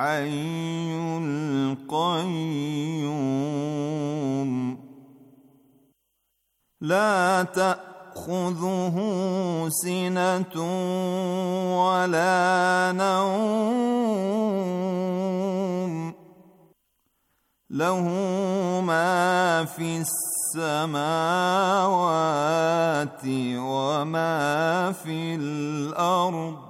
الحي القيوم لا تاخذه سنه ولا نوم له ما في السماوات وما في الارض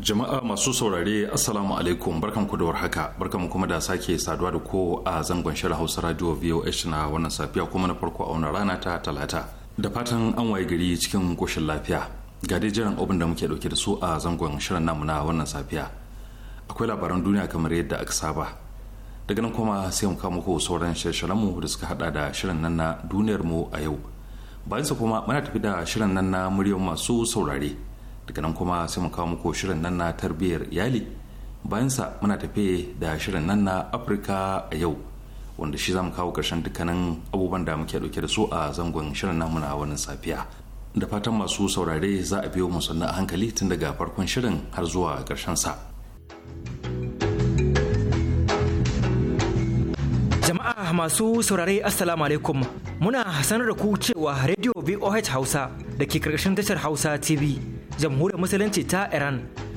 jama'a masu saurare assalamu alaikum barkan ku da warhaka barkan kuma da sake saduwa da ko a zangon shirin hausa radio voh na wannan safiya kuma na farko a wannan rana ta talata da fatan an waye gari cikin koshin lafiya ga dai jiran abin da muke dauke da su a zangon shirin namu na wannan safiya akwai labaran duniya kamar yadda aka saba daga nan kuma sai mu kawo muku sauran shirye-shiryenmu da suka hada da shirin nan na duniyar mu a yau bayan sa kuma muna tafi da shirin nan na muryar masu saurare daga nan kuma sai mu kawo muku shirin nan na tarbiyyar iyali bayan sa muna tafi da shirin nan na afirka a yau wanda shi za mu kawo ƙarshen dukkanin abubuwan da muke dauke da su a zangon shirin namu na wannan safiya da fatan masu saurare za a biyo mu na hankali tun daga farkon shirin har zuwa ƙarshen sa jama'a masu saurare assalamu alaikum muna sanar da ku cewa radio voh hausa da ke karkashin tashar hausa tv jamhuriyar musulunci ta iran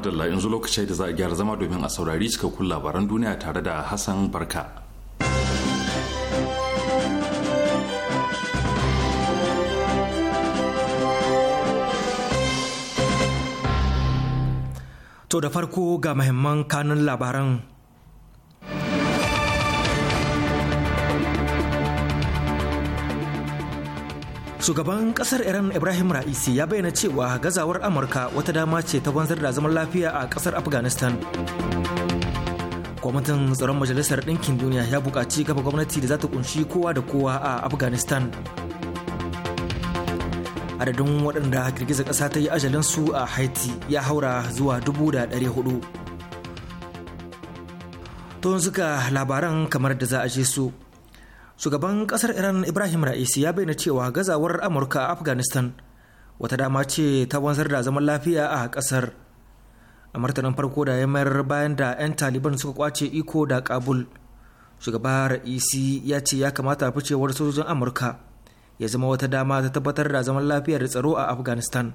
madalla yanzu lokacin da za a gyara zama domin a saurari cikakkun labaran duniya tare da Hassan Barka. To da farko ga mahimman kanun labaran shugaban kasar iran ibrahim ra'isi ya bayyana cewa gazawar amurka wata dama ce ta wanzar da zaman lafiya a kasar afghanistan kwamitin tsaron majalisar ɗinkin duniya ya buƙaci kafa gwamnati da za ta kunshi kowa da kowa a afghanistan adadin waɗanda girgizar ƙasa ta yi ajalinsu a haiti ya haura zuwa dubu da ɗari hudu to suka labaran kamar da za a je su shugaban kasar iran ibrahim ra'isi ya bayyana cewa gazawar amurka a afghanistan wata dama ce ta wanzar da zaman lafiya a kasar a martanin farko da ya mayar bayan da 'yan taliban suka kwace iko da kabul shugaba ra'isi ya ce ya kamata ficewar sojojin amurka ya zama wata dama ta tabbatar da zaman lafiya da tsaro a afghanistan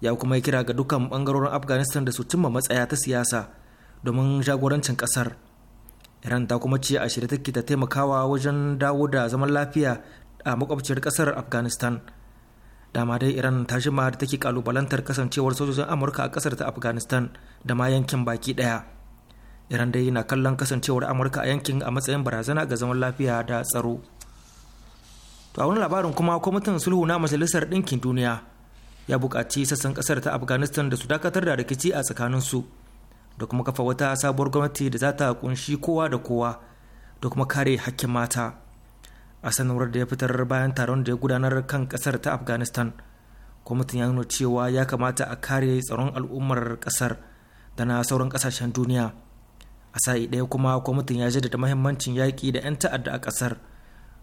ya kuma yi kira ga dukkan bangarorin afghanistan da su cimma matsaya ta siyasa domin jagorancin kasar iran ta kuma ce a shirye take ta taimakawa wajen dawo da zaman lafiya a makwabciyar kasar afghanistan dama dai iran ta jima da take kalubalantar kasancewar sojojin amurka a kasar ta afghanistan da ma yankin baki daya iran dai na kallon kasancewar amurka a yankin a matsayin barazana ga zaman lafiya da tsaro to a wani labarin kuma kwamitin sulhu na majalisar ɗinkin duniya ya buƙaci sassan ƙasar ta afghanistan da su dakatar da rikici a tsakaninsu su da kuma kafa wata sabuwar gwamnati da za ta kunshi kowa da kowa da kuma kare hakkin mata a sanarwar da ya fitar bayan taron da ya gudanar kan kasar ta afghanistan kwamitin ya nuna cewa ya kamata a kare tsaron al'ummar kasar da na sauran kasashen duniya a sa'i ɗaya kuma kwamitin ya jaddada mahimmancin yaƙi da 'yan ta'adda a kasar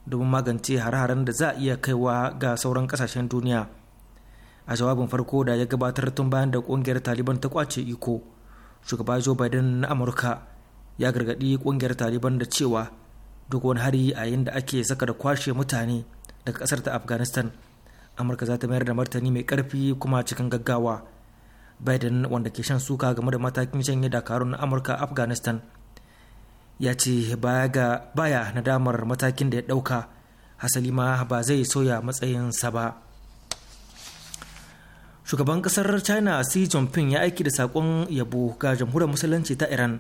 domin magance har haren da za a iya kaiwa ga sauran kasashen duniya a jawabin farko da ya gabatar tun bayan da ƙungiyar taliban ta kwace iko shugaba joe biden na amurka ya gargaɗi ƙungiyar taliban da cewa duk wani hari a yayin da ake saka da kwashe mutane daga ƙasar ta afghanistan amurka za ta mayar da martani mai ƙarfi kuma cikin gaggawa biden wanda ke shan suka game da matakin shanye dakarun na amurka afghanistan ya ce baya nadamar matakin da ya ɗauka hasali ma ba zai soya matsayinsa ba shugaban kasar china xi jinping ya aiki da sakon yabo ga jamhuriyar musulunci ta iran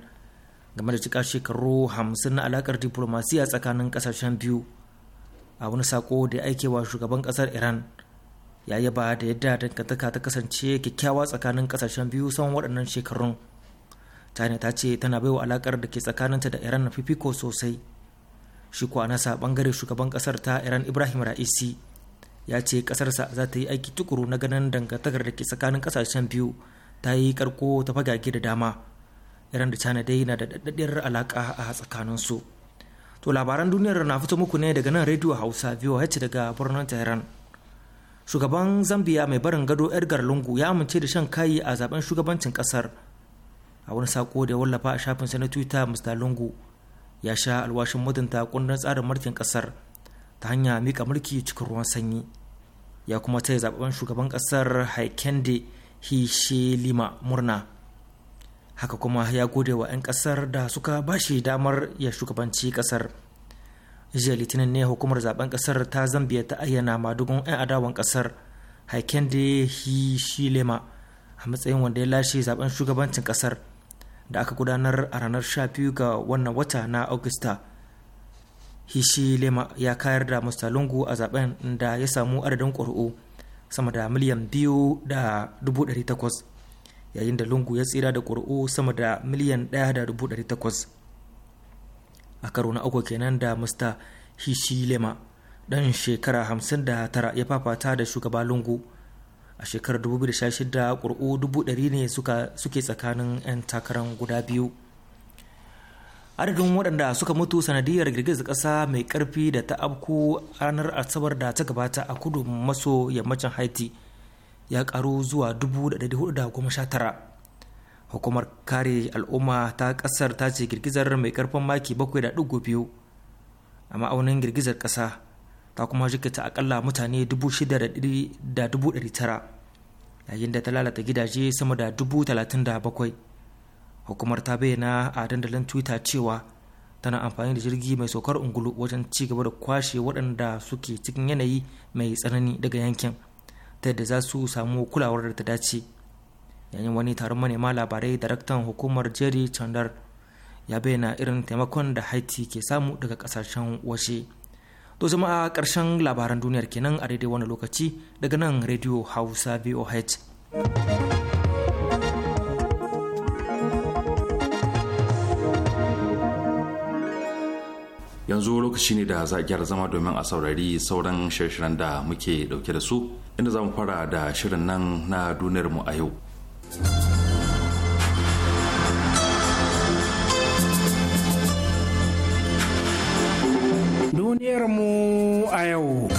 game da cika shekaru hamsin na alakar diplomasiya tsakanin kasashen biyu a wani sako da ya aike wa shugaban kasar iran ya yaba da yadda dangantaka ta kasance kyakkyawa tsakanin kasashen biyu tsawon waɗannan shekarun china ta ce tana baiwa alakar da ke tsakaninta da iran na fifiko sosai shi kuwa nasa ɓangare shugaban kasar ta iran ibrahim ra'isi ya ce kasarsa za ta yi aiki tukuru na ganin dangantakar da ke tsakanin kasashen biyu ta yi karko ta fagage da dama iran da china dai na da daɗaɗɗiyar alaƙa a tsakanin su to labaran duniyar na fito muku ne daga nan rediyo hausa voh daga birnin tehran shugaban zambia mai barin gado edgar lungu ya amince da shan kayi a zaben shugabancin kasar a wani sako da ya wallafa a shafin na twitter mr lungu ya sha alwashin mutunta kundin tsarin mulkin kasar ta hanya mika mulki cikin ruwan sanyi ya kuma taya zababben shugaban kasar haikende hishelima murna haka kuma ya gode wa 'yan ƙasar da suka ba shi damar ya shugabanci ƙasar jiya litinin ne hukumar zaben ƙasar ta zambia ta ayyana madugun 'yan adawan kasar haikende lima a matsayin wanda ya lashe zaben shugabancin ƙasar da aka gudanar a ranar 12 ga wannan wata na augusta hishi lema ya kayar da lungu a zaben da ya samu adadin ƙuri'u sama da miliyan biyu da dubu ɗari takwas yayin da lungu ya tsira da ƙuri'u sama da miliyan ɗaya da dubu ɗari takwas a karo na uku kenan da mista hishi lema ɗan shekara hamsin da tara ya fafata da shugaba lungu a shekarar 2016 ƙuri'u dubu ɗari ne suke tsakanin 'yan takarar guda biyu adadin waɗanda suka mutu sanadiyar girgizar ƙasa mai ƙarfi da ta afku ranar asabar da ta gabata a kudu maso yammacin haiti ya ƙaru zuwa 419 hukumar kare al'umma ta ƙasar ta ce girgizar mai ƙarfin maki 7.2 a ma'aunin girgizar ƙasa ta kuma jikita akalla mutane 6,900 yayin da ta lalata gidaje sama da 37,000 hukumar ta bayyana a dandalin twitter cewa tana amfani da jirgi mai saukar ungulu wajen ci gaba da kwashe waɗanda suke cikin yanayi mai tsanani daga yankin ta yadda za su samu kulawar da ta dace yayin wani taron manema labarai daraktan hukumar jerry chandar ya bayyana irin taimakon da haiti ke samu daga kasashen washe to a ƙarshen labaran duniyar kenan a daidai wani lokaci daga nan radio hausa voh yanzu lokaci ne da za gyara zama domin a saurari sauran shirin da muke dauke da su inda za mu fara da shirin nan na duniyar mu a yau duniyar mu a yau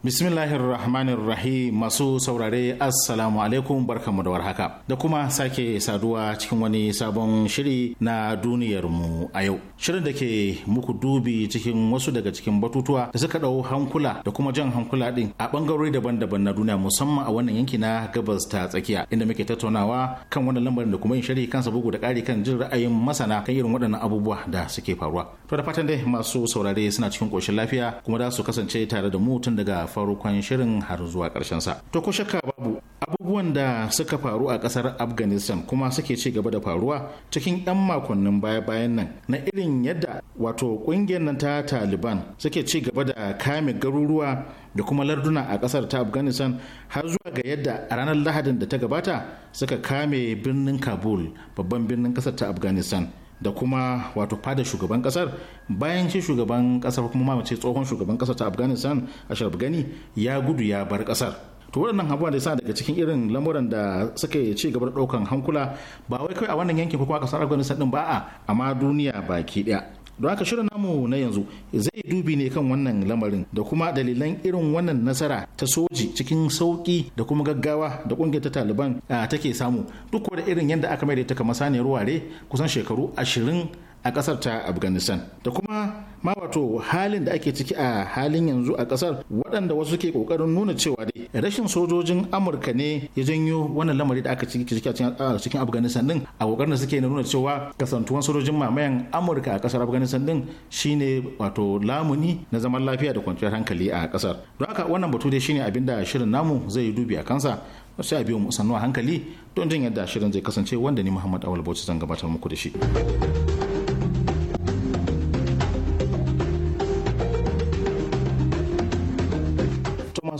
bismillahir rahmanir rahim masu saurare assalamu alaikum barkamu da warhaka da kuma sake saduwa cikin wani sabon shiri na duniyar mu a yau shirin da ke muku dubi cikin wasu daga cikin batutuwa da suka dau hankula da kuma jan hankula din a bangarori daban-daban na duniya musamman a wannan yanki na gabas ta tsakiya inda muke tattaunawa kan wannan lambarin da kuma yin shiri kansa bugu da ƙari kan jin ra'ayin masana kan irin waɗannan abubuwa da suke faruwa to da fatan dai masu saurare suna cikin ƙoshin lafiya kuma za su kasance tare da mu tun daga farkon shirin har zuwa sa To ku shakka babu abubuwan da suka faru a ƙasar Afghanistan kuma suke ci gaba da faruwa cikin 'yan makonnin baya-bayan nan na irin yadda wato ƙungiyar nan ta Taliban suke ci gaba da kame garuruwa da kuma larduna a ƙasar ta Afghanistan har zuwa ga yadda a ranar Lahadin da ta gabata suka kame birnin Kabul babban birnin ƙasar ta Afghanistan. da kuma wato fada shugaban kasar bayan shi shugaban kasar kuma mamace tsohon shugaban kasar ta afghanistan ashraf gani ya gudu ya bar kasar to waɗannan abubuwa da sa daga cikin irin lamuran da suke ci gaba da ɗaukan hankula ba wai kai a wannan yankin ko kuma kasar afghanistan din ba a amma duniya baki ɗaya don haka shirin namu na yanzu zai dubi ne kan wannan lamarin da kuma dalilan irin wannan nasara ta soji cikin sauki da kuma gaggawa da kungiyar ta taliban take samu duk da irin yadda aka mai da ta kama saniyar ware kusan shekaru ashirin a kasar ta afghanistan da kuma ma wato halin da ake ciki a halin yanzu a kasar waɗanda wasu ke kokarin nuna cewa dai rashin sojojin amurka ne ya janyo wannan lamari da aka ciki a cikin afghanistan din a kokarin da suke nuna cewa kasantuwan sojojin mamayan amurka a kasar afghanistan din shine wato lamuni na zaman lafiya da kwanciyar hankali a kasar don haka wannan batu dai shine abinda shirin namu zai yi dubi a kansa sai a biyo mu sannu a hankali don jin yadda shirin zai kasance wanda ni muhammad awal bauchi zan gabatar muku da shi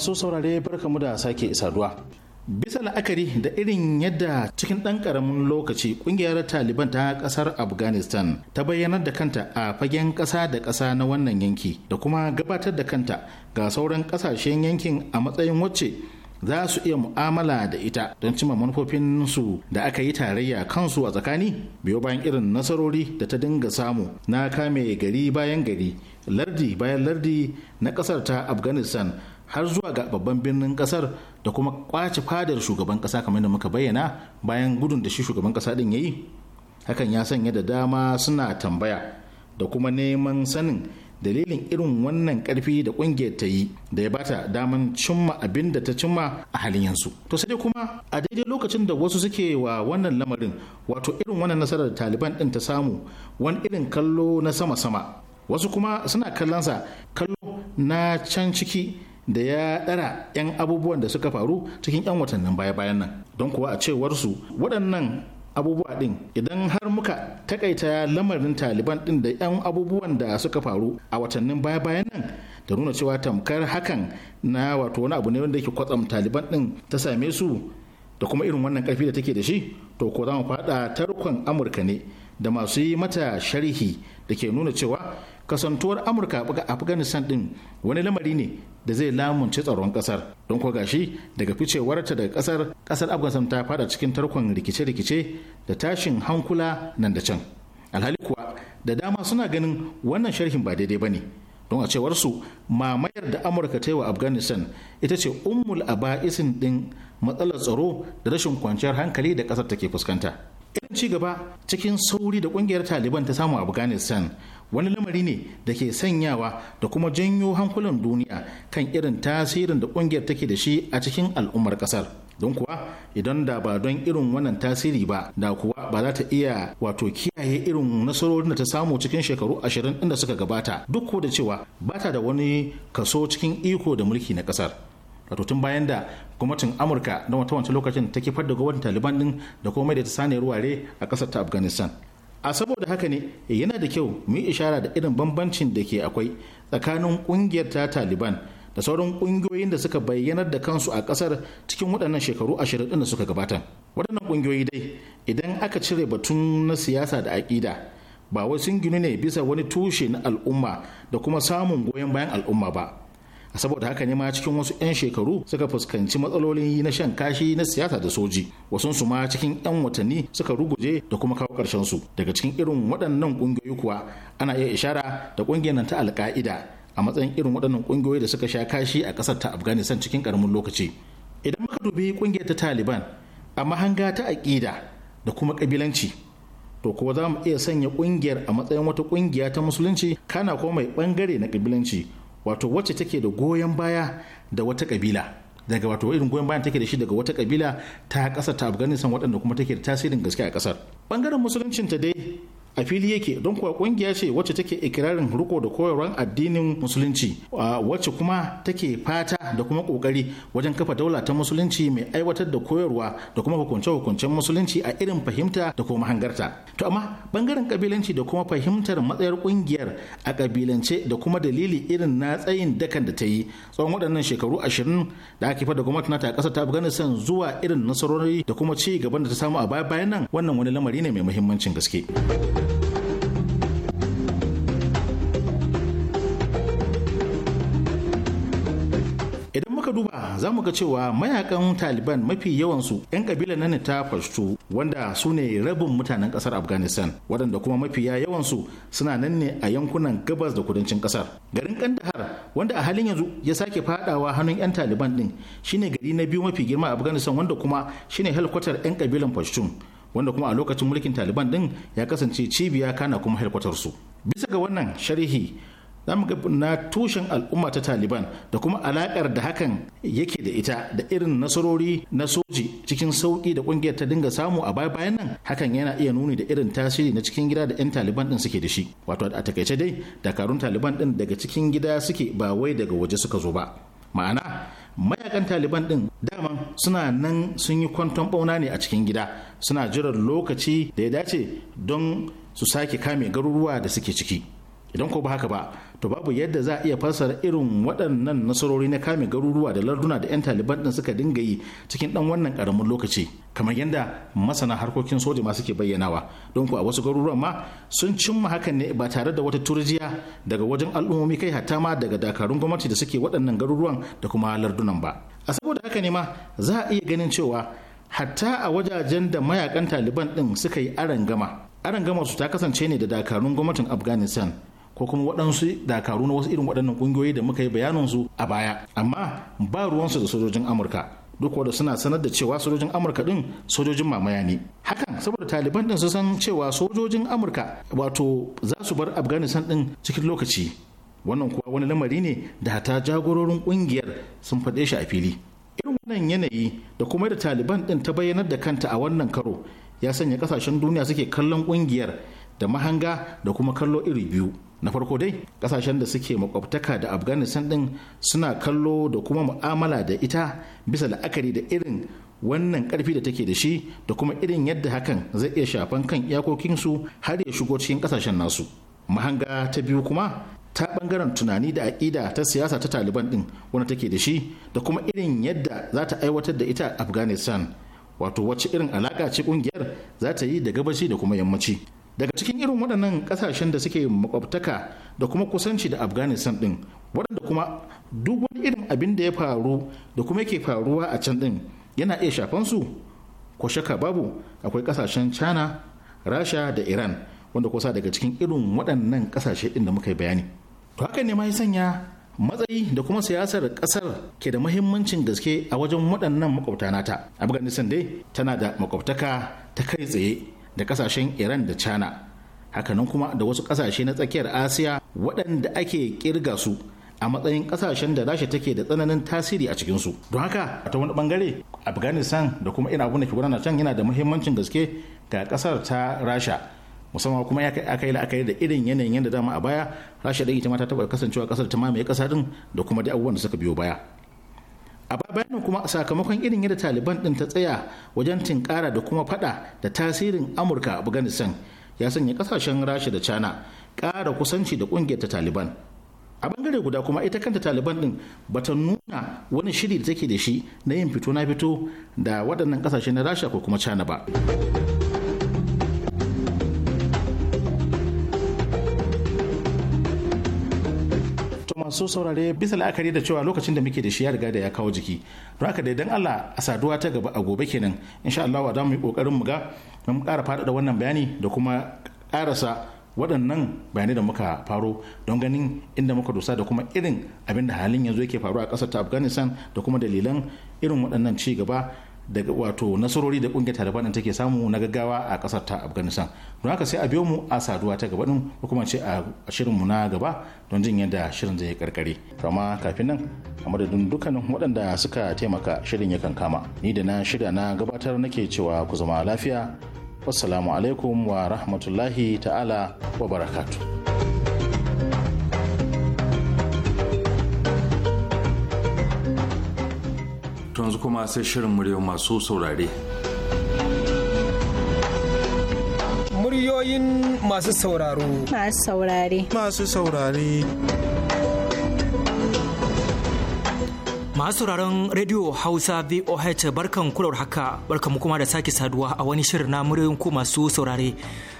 masu saurare barka barkamu da sake saduwa. Bisa la'akari da irin yadda cikin ɗan ƙaramin lokaci ƙungiyar Taliban ta ƙasar Afghanistan ta bayyanar da kanta a fagen ƙasa da ƙasa na wannan yanki da kuma gabatar da kanta ga sauran ƙasashen yankin a matsayin wacce za su iya mu'amala da ita don cimma manufofinsu da aka yi tarayya kansu a tsakani biyo bayan irin nasarori da ta dinga samu na kame gari bayan gari lardi bayan lardi na ƙasar ta afghanistan har zuwa ga babban birnin kasar da kuma kwace fadar shugaban kasa kamar da muka bayyana bayan gudun da shi shugaban kasa din yi hakan ya sanya da dama suna tambaya da kuma neman sanin dalilin irin wannan karfi da kungiyar ta yi da ya bata daman cimma abin da ta cimma a halin yanzu to sai kuma a daidai lokacin da wasu suke wa wannan lamarin wato irin wannan nasarar da taliban din ta samu wani irin kallo na sama-sama wasu kuma suna kallonsa kallo na can ciki da ya ɗara 'yan abubuwan da suka faru cikin 'yan watannin baya-bayan nan don kuwa a cewarsu waɗannan abubuwa ɗin idan har muka takaita lamarin taliban ɗin da 'yan abubuwan da suka faru a watannin baya-bayan nan da nuna cewa tamkar hakan na wato wani abu ne wanda yake kwatsam taliban ɗin ta same su da kuma irin wannan karfi da take da shi to ko za mu faɗa tarkon amurka ne da masu yi mata sharhi da ke nuna cewa kasantuwar amurka a afghanistan din wani lamari ne da zai lamunce tsaron kasar don ko gashi daga ficewarta daga kasar kasar afghanistan ta fada cikin tarkon rikice-rikice da tashin hankula nan da can alhali kuwa da dama suna ganin wannan sharhin ba daidai bane don a cewar su mamayar da amurka ta yi wa afghanistan ita ce ummul aba'isin din matsalar tsaro da rashin kwanciyar hankali da kasar take fuskanta irin ci gaba cikin sauri da kungiyar taliban ta samu afghanistan wani lamari ne da ke sanyawa da kuma janyo hankulan duniya kan irin tasirin da kungiyar take da shi a cikin al'ummar kasar don kuwa idan da ba don irin wannan tasiri ba da kuwa ba za ta iya wato kiyaye irin nasarorin da ta samu cikin shekaru ashirin inda suka gabata duk ko da cewa ba ta da wani kaso cikin iko da mulki na kasar wato tun bayan da gwamnatin amurka na wata wancan lokacin ta kifar da gwamnatin taliban din da kuma da ta sani ruware a kasar ta afghanistan a saboda haka ne yana da kyau mu yi ishara da irin bambancin da ke akwai tsakanin kungiyar ta taliban da sauran kungiyoyin da suka bayyanar da kansu a kasar cikin waɗannan shekaru ashirin ɗin da suka gabata waɗannan kungiyoyi dai idan aka cire batun na siyasa da aƙida ba wai sun ginu ne bisa wani tushe na al'umma da kuma samun goyon bayan al'umma ba saboda haka ne ma cikin wasu 'yan shekaru suka fuskanci matsaloli na shan kashi na siyasa da soji wasunsu ma cikin 'yan watanni suka ruguje da kuma kawo karshen su daga cikin irin waɗannan ƙungiyoyi kuwa ana iya ishara da ƙungiyar nan ta alka'ida a matsayin irin waɗannan ƙungiyoyi da suka sha kashi a ƙasar ta afghanistan cikin ƙaramin lokaci idan muka dubi ƙungiyar ta taliban a mahanga ta aƙida da kuma ƙabilanci to kuwa za mu iya sanya ƙungiyar a matsayin wata ƙungiya ta musulunci kana ko mai ɓangare na kabilanci wato wacce take da goyon baya da wata kabila daga wato irin goyon bayan take da shi daga wata kabila ta kasar ta afghanistan waɗanda kuma take da tasirin gaske a kasar bangaren musuluncinta dai a fili yake don kuwa kungiya ce wacce take ikirarin riko da koyarwar addinin musulunci wacce kuma take fata da kuma kokari wajen kafa daula ta musulunci mai aiwatar da koyarwa da kuma hukunce-hukuncen musulunci a irin fahimta da kuma hangarta to amma bangaren kabilanci da kuma fahimtar matsayar kungiyar a kabilance da kuma dalili irin na tsayin dakan da ta yi tsawon waɗannan shekaru ashirin da aka fada gwamnati ta ƙasa ta afghanistan zuwa irin nasarori da kuma ci gaban da ta samu a baya bayan nan wannan wani lamari ne mai muhimmancin gaske. muka duba za mu ga cewa mayakan taliban mafi yawansu 'yan kabilar nan ta fashto wanda su ne rabin mutanen kasar afghanistan waɗanda kuma mafiya yawansu suna nan ne a yankunan gabas da kudancin kasar garin kandahar wanda a halin yanzu ya sake fadawa hannun 'yan taliban din shine gari na biyu mafi girma a afghanistan wanda kuma shine helkwatar 'yan kabilan pashtun wanda kuma a lokacin mulkin taliban din ya kasance cibiya kana kuma helkwatar su bisa ga wannan sharhi za mu ga na tushen al'umma ta taliban da kuma alakar da hakan yake da ita da irin nasarori na soji cikin sauki da kungiyar ta dinga samu a baya bayan nan hakan yana iya nuni da irin tasiri na cikin gida da 'yan taliban din suke da shi wato a takaice dai dakarun taliban din daga cikin gida suke ba wai daga waje suka zo ba ma'ana mayakan taliban din daman suna nan sun yi kwanton bauna ne a cikin gida suna jiran lokaci da ya dace don su sake kame garuruwa da suke ciki idan ko ba haka ba to babu yadda za a iya fassara irin waɗannan nasarori na kame garuruwa da larduna da 'yan taliban ɗin suka dinga yi cikin ɗan wannan ƙaramin lokaci kamar yadda masana harkokin soja ma suke bayyanawa don ku a wasu garuruwan ma sun cimma hakan ne ba tare da wata turjiya daga wajen al'ummomi kai hatta ma daga dakarun gwamnati da suke waɗannan garuruwan da kuma lardunan ba a saboda haka ne ma za a iya ganin cewa hatta a wajajen da mayakan taliban ɗin suka yi arangama arangamar su ta kasance ne da dakarun gwamnatin afghanistan ko kuma waɗansu dakaru na wasu irin waɗannan ƙungiyoyi da muka yi bayaninsu a baya amma ba ruwansu da sojojin amurka duk wanda suna sanar da cewa sojojin amurka din sojojin mamaya ne hakan saboda taliban din su san cewa sojojin amurka wato za su bar afghanistan din cikin lokaci wannan kuwa wani lamari ne da hata jagororin kungiyar sun faɗe shi a fili irin wannan yanayi da kuma da taliban din ta bayyanar da kanta a wannan karo ya sanya kasashen duniya suke kallon kungiyar da mahanga da kuma kallo iri biyu na farko dai kasashen da suke makwabtaka da afghanistan din suna kallo da kuma mu'amala da ita bisa la'akari da irin wannan karfi da take da shi da kuma irin yadda hakan zai iya shafan kan iyakokinsu har ya shigo cikin kasashen nasu mahanga ta biyu kuma ta bangaren tunani da aƙida ta siyasa ta taliban din wanda take da shi da kuma irin yadda za ta aiwatar da ita afghanistan wato wacce irin alaƙa ce ƙungiyar za ta yi da gabashi da kuma yammaci daga cikin irin waɗannan ƙasashen da suke makwabtaka da kuma kusanci da afghanistan ɗin waɗanda kuma duk wani irin abin da ya faru da kuma yake faruwa a can ɗin yana iya shafan su ko shaka babu akwai ƙasashen china rasha da iran wanda kusa daga cikin irin waɗannan ƙasashe ɗin da muka yi bayani to haka ne ma ya sanya matsayi da kuma siyasar ƙasar ke da mahimmancin gaske a wajen waɗannan makwabta nata afghanistan dai tana da makwabtaka ta kai tsaye da kasashen iran da china hakanan kuma da wasu kasashe na tsakiyar asiya waɗanda ake kirga su a matsayin kasashen da rasha take da tsananin tasiri a cikinsu don haka a ta wani bangare afghanistan da kuma ina abin da ke gudana can yana da muhimmancin gaske ga kasar ta rasha musamman kuma ya aka yi la'akari da irin yanayin yadda dama a baya rasha da ita ma ta taɓa kasancewa kasar ta mamaye kasa din da kuma da abubuwan da suka biyo baya a bayanan kuma sakamakon irin yadda taliban din ta tsaya wajen tinkara da kuma fada da tasirin amurka a afghanistan ya sanya kasashen rasha da china kara kusanci da kungiyar ta taliban a bangare guda kuma ita kanta taliban din bata nuna wani shiri da take da shi na yin fito na fito da waɗannan kasashe na rasha ko kuma china ba masu saurare bisa la'akari da cewa lokacin da muke da shi ya riga da ya kawo jiki don haka dai don Allah a saduwa ta gaba a gobe kenan insha Allah wa mu yi kokarin mu ga mu ƙara faɗaɗa wannan bayani da kuma ƙarasa waɗannan bayanai da muka faro don ganin inda muka dosa da kuma irin abin da halin yanzu yake faru a ƙasar ta afghanistan da kuma dalilan irin waɗannan ci gaba daga wato nasarori da kungiyar taliban din take samu na gaggawa a kasar ta afghanistan don haka sai a biyo mu a saduwa ta gaba din ko kuma ce a shirin mu na gaba don jin yadda shirin zai karkare kama kafin nan a madadin dukkanin waɗanda suka taimaka shirin yakan kama ni da na shirya na gabatar nake cewa ku zama lafiya wassalamu alaikum wa rahmatullahi ta'ala wa barakatuh To yanzu kuma sai shirin muryoyin masu saurare. Muryoyin masu sauraro. Masu saurare. Masu saurare. Masu sauraron Radio Hausa VOH barkan kular haka barkan kuma da sake saduwa a wani shirin na muryoyin ku masu saurare.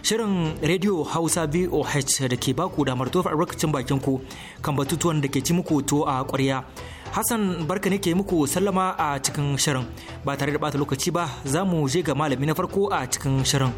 Shirin Radio Hausa VOH da ke baku damar tofa albarkacin bakin ku kan batutuwan da ke ci muku to a ƙwarya. Hassan barka ne ke muku sallama a cikin shirin ba tare da bata lokaci ba za mu je ga malami na farko a cikin shirin.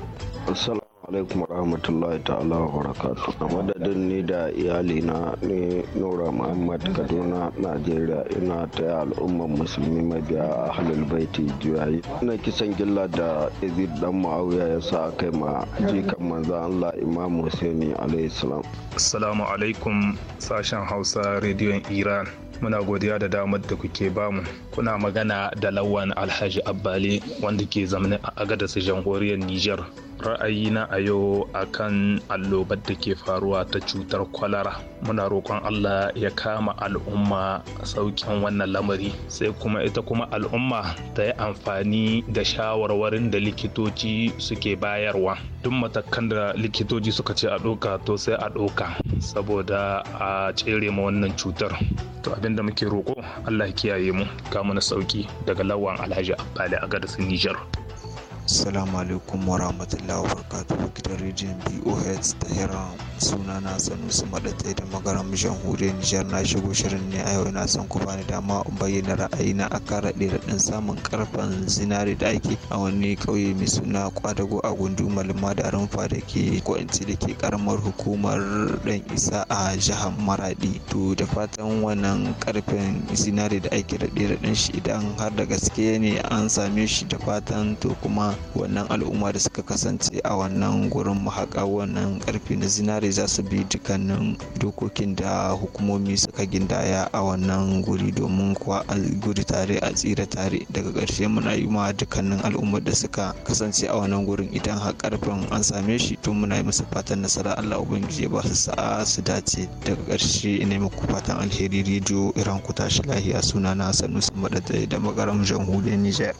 alaikum rahmatullahi ta'ala wa barakatu a madadin ni da iyali na ne nura muhammad kaduna najeriya ina taya al'ummar musulmi mabiya a halil baiti juyayi ina kisan gilla da izid dan ma'auya ya sa kai ma jikan manzo allah imam husaini alaihi salam assalamu alaikum sashen hausa rediyon iran muna godiya da damar da kuke bamu kuna magana da lawan alhaji abbali wanda ke zamani a su jamhuriyar niger Ra'ayi ra'ayina a yau akan allobar da ke faruwa ta cutar kwalara muna roƙon allah ya kama al'umma sauƙin wannan lamari sai kuma ita kuma al'umma ta yi amfani da shawarwarin da likitoci suke bayarwa duk matakan da likitoci suka ce a ɗauka to sai a ɗauka saboda a tsere ma wannan cutar to abinda muke roƙo allah kiyaye mu kama na sauki daga lawan alhaji abbali a gadasin nijar Assalamu alaikum wa rahmatullahi wa gidan rediyon BOH Tehran suna na Sanusi Madatai da magaram jamhuriyar Nijar na shigo shirin ne a yau ina son ku bani dama in bayyana ra'ayina a kan raɗe raɗin samun ƙarfen zinare da ake a wani ƙauye mai suna Kwadago a Gundu Malama da ke kwanci da ke karamar hukumar Dan Isa a jihar maraɗi to da fatan wannan ƙarfen zinare da ake raɗe raɗin shi idan har da gaske ne an same shi da fatan to kuma wannan al'umma da suka kasance a wannan gurin mahaƙa wannan karfi na zinare za su bi dukkanin dokokin da hukumomi suka gindaya a wannan guri domin kuwa a guri tare a tsira tare daga ƙarshe muna yi ma dukkanin al'ummar da suka kasance a wannan gurin idan har karfin an same shi to muna yi musu fatan nasara Allah ubangiji ba su sa'a su dace daga ƙarshe ina muku fatan alheri rediyo iran kuta tashi lahiya sunana sanusi madadai da magaram jamhuriyar Nijar.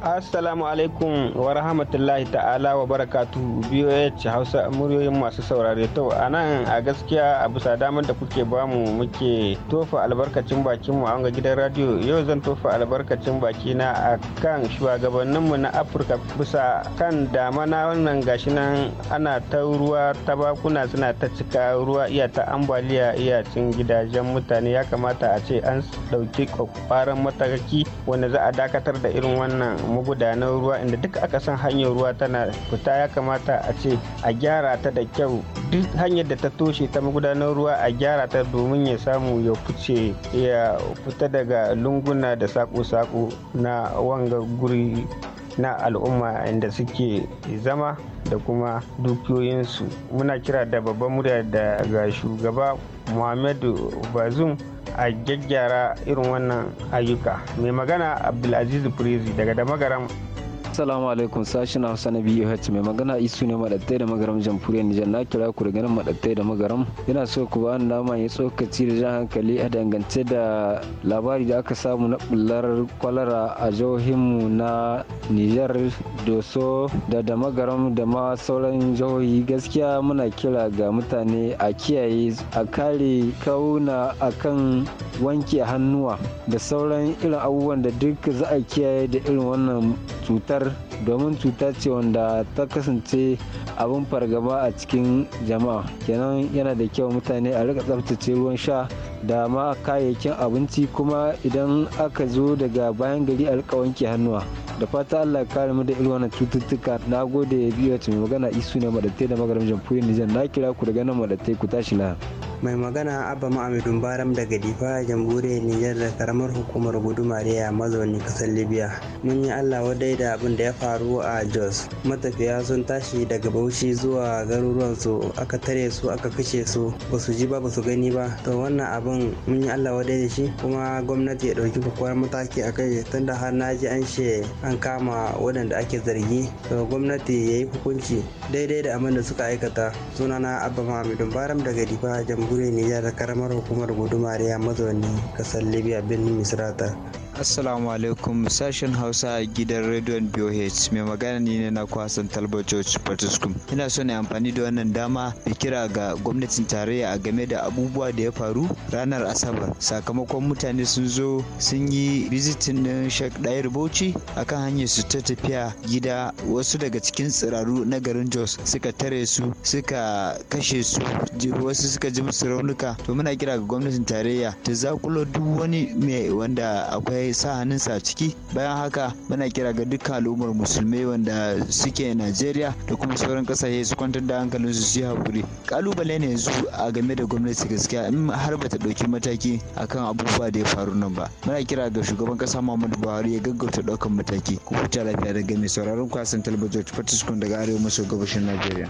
Assalamu alaikum wa rahmatullahi ta'ala wa barakatuh BOH Hausa muryoyin masu saurare to a nan a gaskiya a bisa damar da kuke bamu muke tofa albarkacin bakin mu ga gidan radio yau zan tofa albarkacin bakina a kan shugabanninmu na Afirka bisa kan dama na wannan gashi nan ana ta ruwa ta bakuna suna ta cika ruwa iya ta ambaliya iya cin gidajen mutane ya kamata a ce an dauki kwakwaran mataki wanda za a dakatar da irin wannan magudanar ruwa inda duka aka san hanyar ruwa tana fita ya kamata a ce a gyara ta da kyau duk hanyar da ta toshe ta magudanar ruwa a gyara ta domin ya samu ya fice ya fita daga lunguna da sako-sako na wanga guri na al'umma inda suke zama da kuma dukiyoyinsu muna kira da babban murya daga shugaba muhammadu bazum a gyaggyara irin wannan ayyuka mai magana abdulaziz prezi daga damagaran. Assalamu alaikum sashen Hausa na BUH mai magana isu ne madattai da magaram jamhuriyar Nijar na kira ku da ganin madattai da magaram yana so ku ba dama ya tsokaci da jan hankali a dangance da labari da aka samu na bullar kwalara a mu na Nijar Doso da da magaram da ma sauran jihohi gaskiya muna kira ga mutane a kiyaye a kare kauna akan wanke hannuwa da sauran irin abubuwan da duk za a kiyaye da irin wannan cutar cutar domin cuta ce wanda ta kasance abin fargaba a cikin jama'a kenan yana da kyau mutane a rika tsaftace ruwan sha da ma kayayyakin abinci kuma idan aka zo daga bayan gari a rika wanke hannuwa da fata allah kare mu da irin wannan cututtuka na gode biyu mai magana isu ne madatai da magaram jamhuriyar nijar na kira ku daga nan madatai ku tashi na mai magana abba ma'amidun baram daga difa jamhuriyar nijar da karamar hukumar gudumariya mazauni kasar libya mun yi allah wadai da abin abin da ya faru a Jos. Matafiya sun tashi daga baushi zuwa garuruwan su aka tare su aka kashe su basu ji ba ba su gani ba. To wannan abin mun yi Allah wadai da shi kuma gwamnati ya dauki kwakwar mataki a kai tunda har na ji an she an kama waɗanda ake zargi. To gwamnati ya yi hukunci daidai da abin suka aikata. Sunana Abba Mahamudun Baram daga Difa jamhuriyar Nijar karamar hukumar gudumariya mazauni kasar Libya birnin Misrata. Assalamu alaikum sashen Hausa gidan rediyon BOH mai magana ne na kwasan Talba George Ina so na amfani da wannan dama da kira ga gwamnatin tarayya a game da abubuwa da ya faru ranar Asabar. Sakamakon mutane sun zo sun yi bizitin ɗin Sheikh Dair Bauchi akan hanyar su ta tafiya gida wasu daga cikin tsiraru na garin Jos suka tare su suka kashe su wasu suka ji musu raunuka to muna kira ga gwamnatin tarayya ta zakulo duk wani mai wanda akwai ya sa hannunsa a ciki bayan haka muna kira ga dukkan al'ummar musulmai wanda suke najeriya da kuma sauran kasashe su kwantar da hankalin su yi hakuri kalubale ne yanzu a game da gwamnati gaskiya in har bata ɗauki mataki akan abubuwa da ya faru nan ba muna kira ga shugaban kasa muhammadu buhari ya gaggauta ɗaukan mataki ku huta lafiya daga mai sauraron kwasan talabijin fatiskun daga arewa maso gabashin najeriya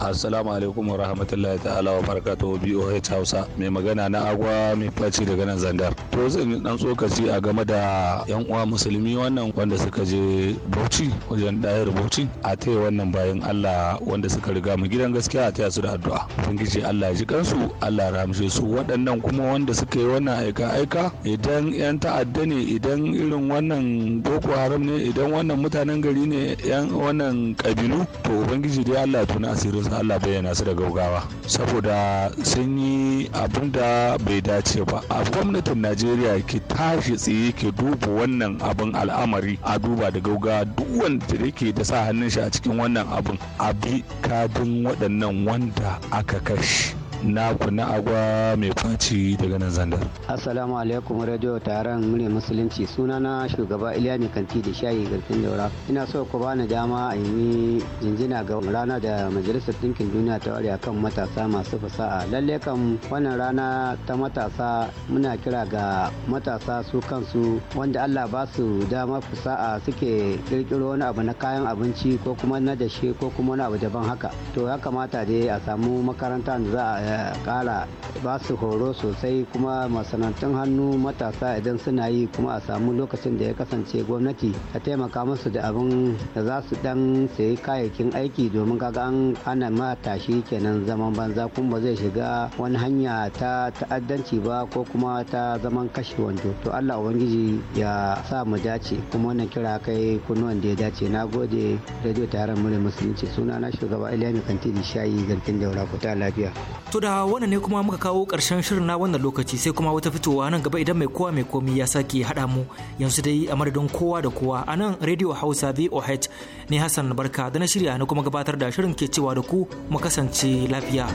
assalamu alaikum wa rahmatullahi ta'ala wa barakatuhu boh hausa mai magana na agwa mai faci daga nan zandar to zan dan tsokaci a game da yan uwa musulmi wannan wanda suka je bauchi wajen dayar bauchi a taya wannan bayan allah wanda suka riga mu gidan gaskiya a taya su da addu'a ubangiji allah ya ji kansu allah ramshe su waɗannan kuma wanda suka yi wannan aika aika idan yan ta'adda ne idan irin wannan boko haram ne idan wannan mutanen gari ne yan wannan kabilu to ubangiji dai allah ya tuna asirin su allah bayyana su da gaugawa saboda sun yi abin da bai dace ba a gwamnatin najeriya ki tashi tsaye ke duba wannan abin al'amari a duba da gauga duk wanda yake da sa hannun shi a cikin wannan abin a bi kadin waɗannan wanda aka kashe naku na agwa mai kwanci daga nan zandar. Assalamu alaikum radio taron murya musulunci sunana shugaba Iliya mai kanti da shayi garkin daura. Ina so ku bani dama a yi jinjina ga rana da majalisar ɗinkin duniya ta ware akan matasa masu fasaha. Lalle kan wannan rana ta matasa muna kira ga matasa su kansu wanda Allah ba su dama fasaha suke kirkiro wani abu na kayan abinci ko kuma na dashe ko kuma wani abu daban haka. To ya kamata dai a samu makaranta da za a kara ba su horo sosai kuma masana'antun hannu matasa idan suna yi kuma a samu lokacin da ya kasance gwamnati ta taimaka musu da abin da za su dan sayi kayayyakin aiki domin kaga an ana matashi kenan zaman banza kuma ba zai shiga wani hanya ta ta'addanci ba ko kuma ta zaman kashe wando to allah ubangiji ya sa mu dace kuma wannan kira kai kunnuwan da ya dace na gode radio taron mure musulunci suna na shugaba iliya kanti da shayi garkin daura ku ta lafiya to da wannan ne kuma muka kawo ƙarshen shirin na wannan lokaci sai kuma wata fitowa nan gaba idan mai kowa mai komi ya sake haɗa mu yanzu dai a madadin kowa da kowa a nan Radio Hausa VOH ne Hassan Barka da na shirya na kuma gabatar da shirin ke cewa da ku mu kasance lafiya.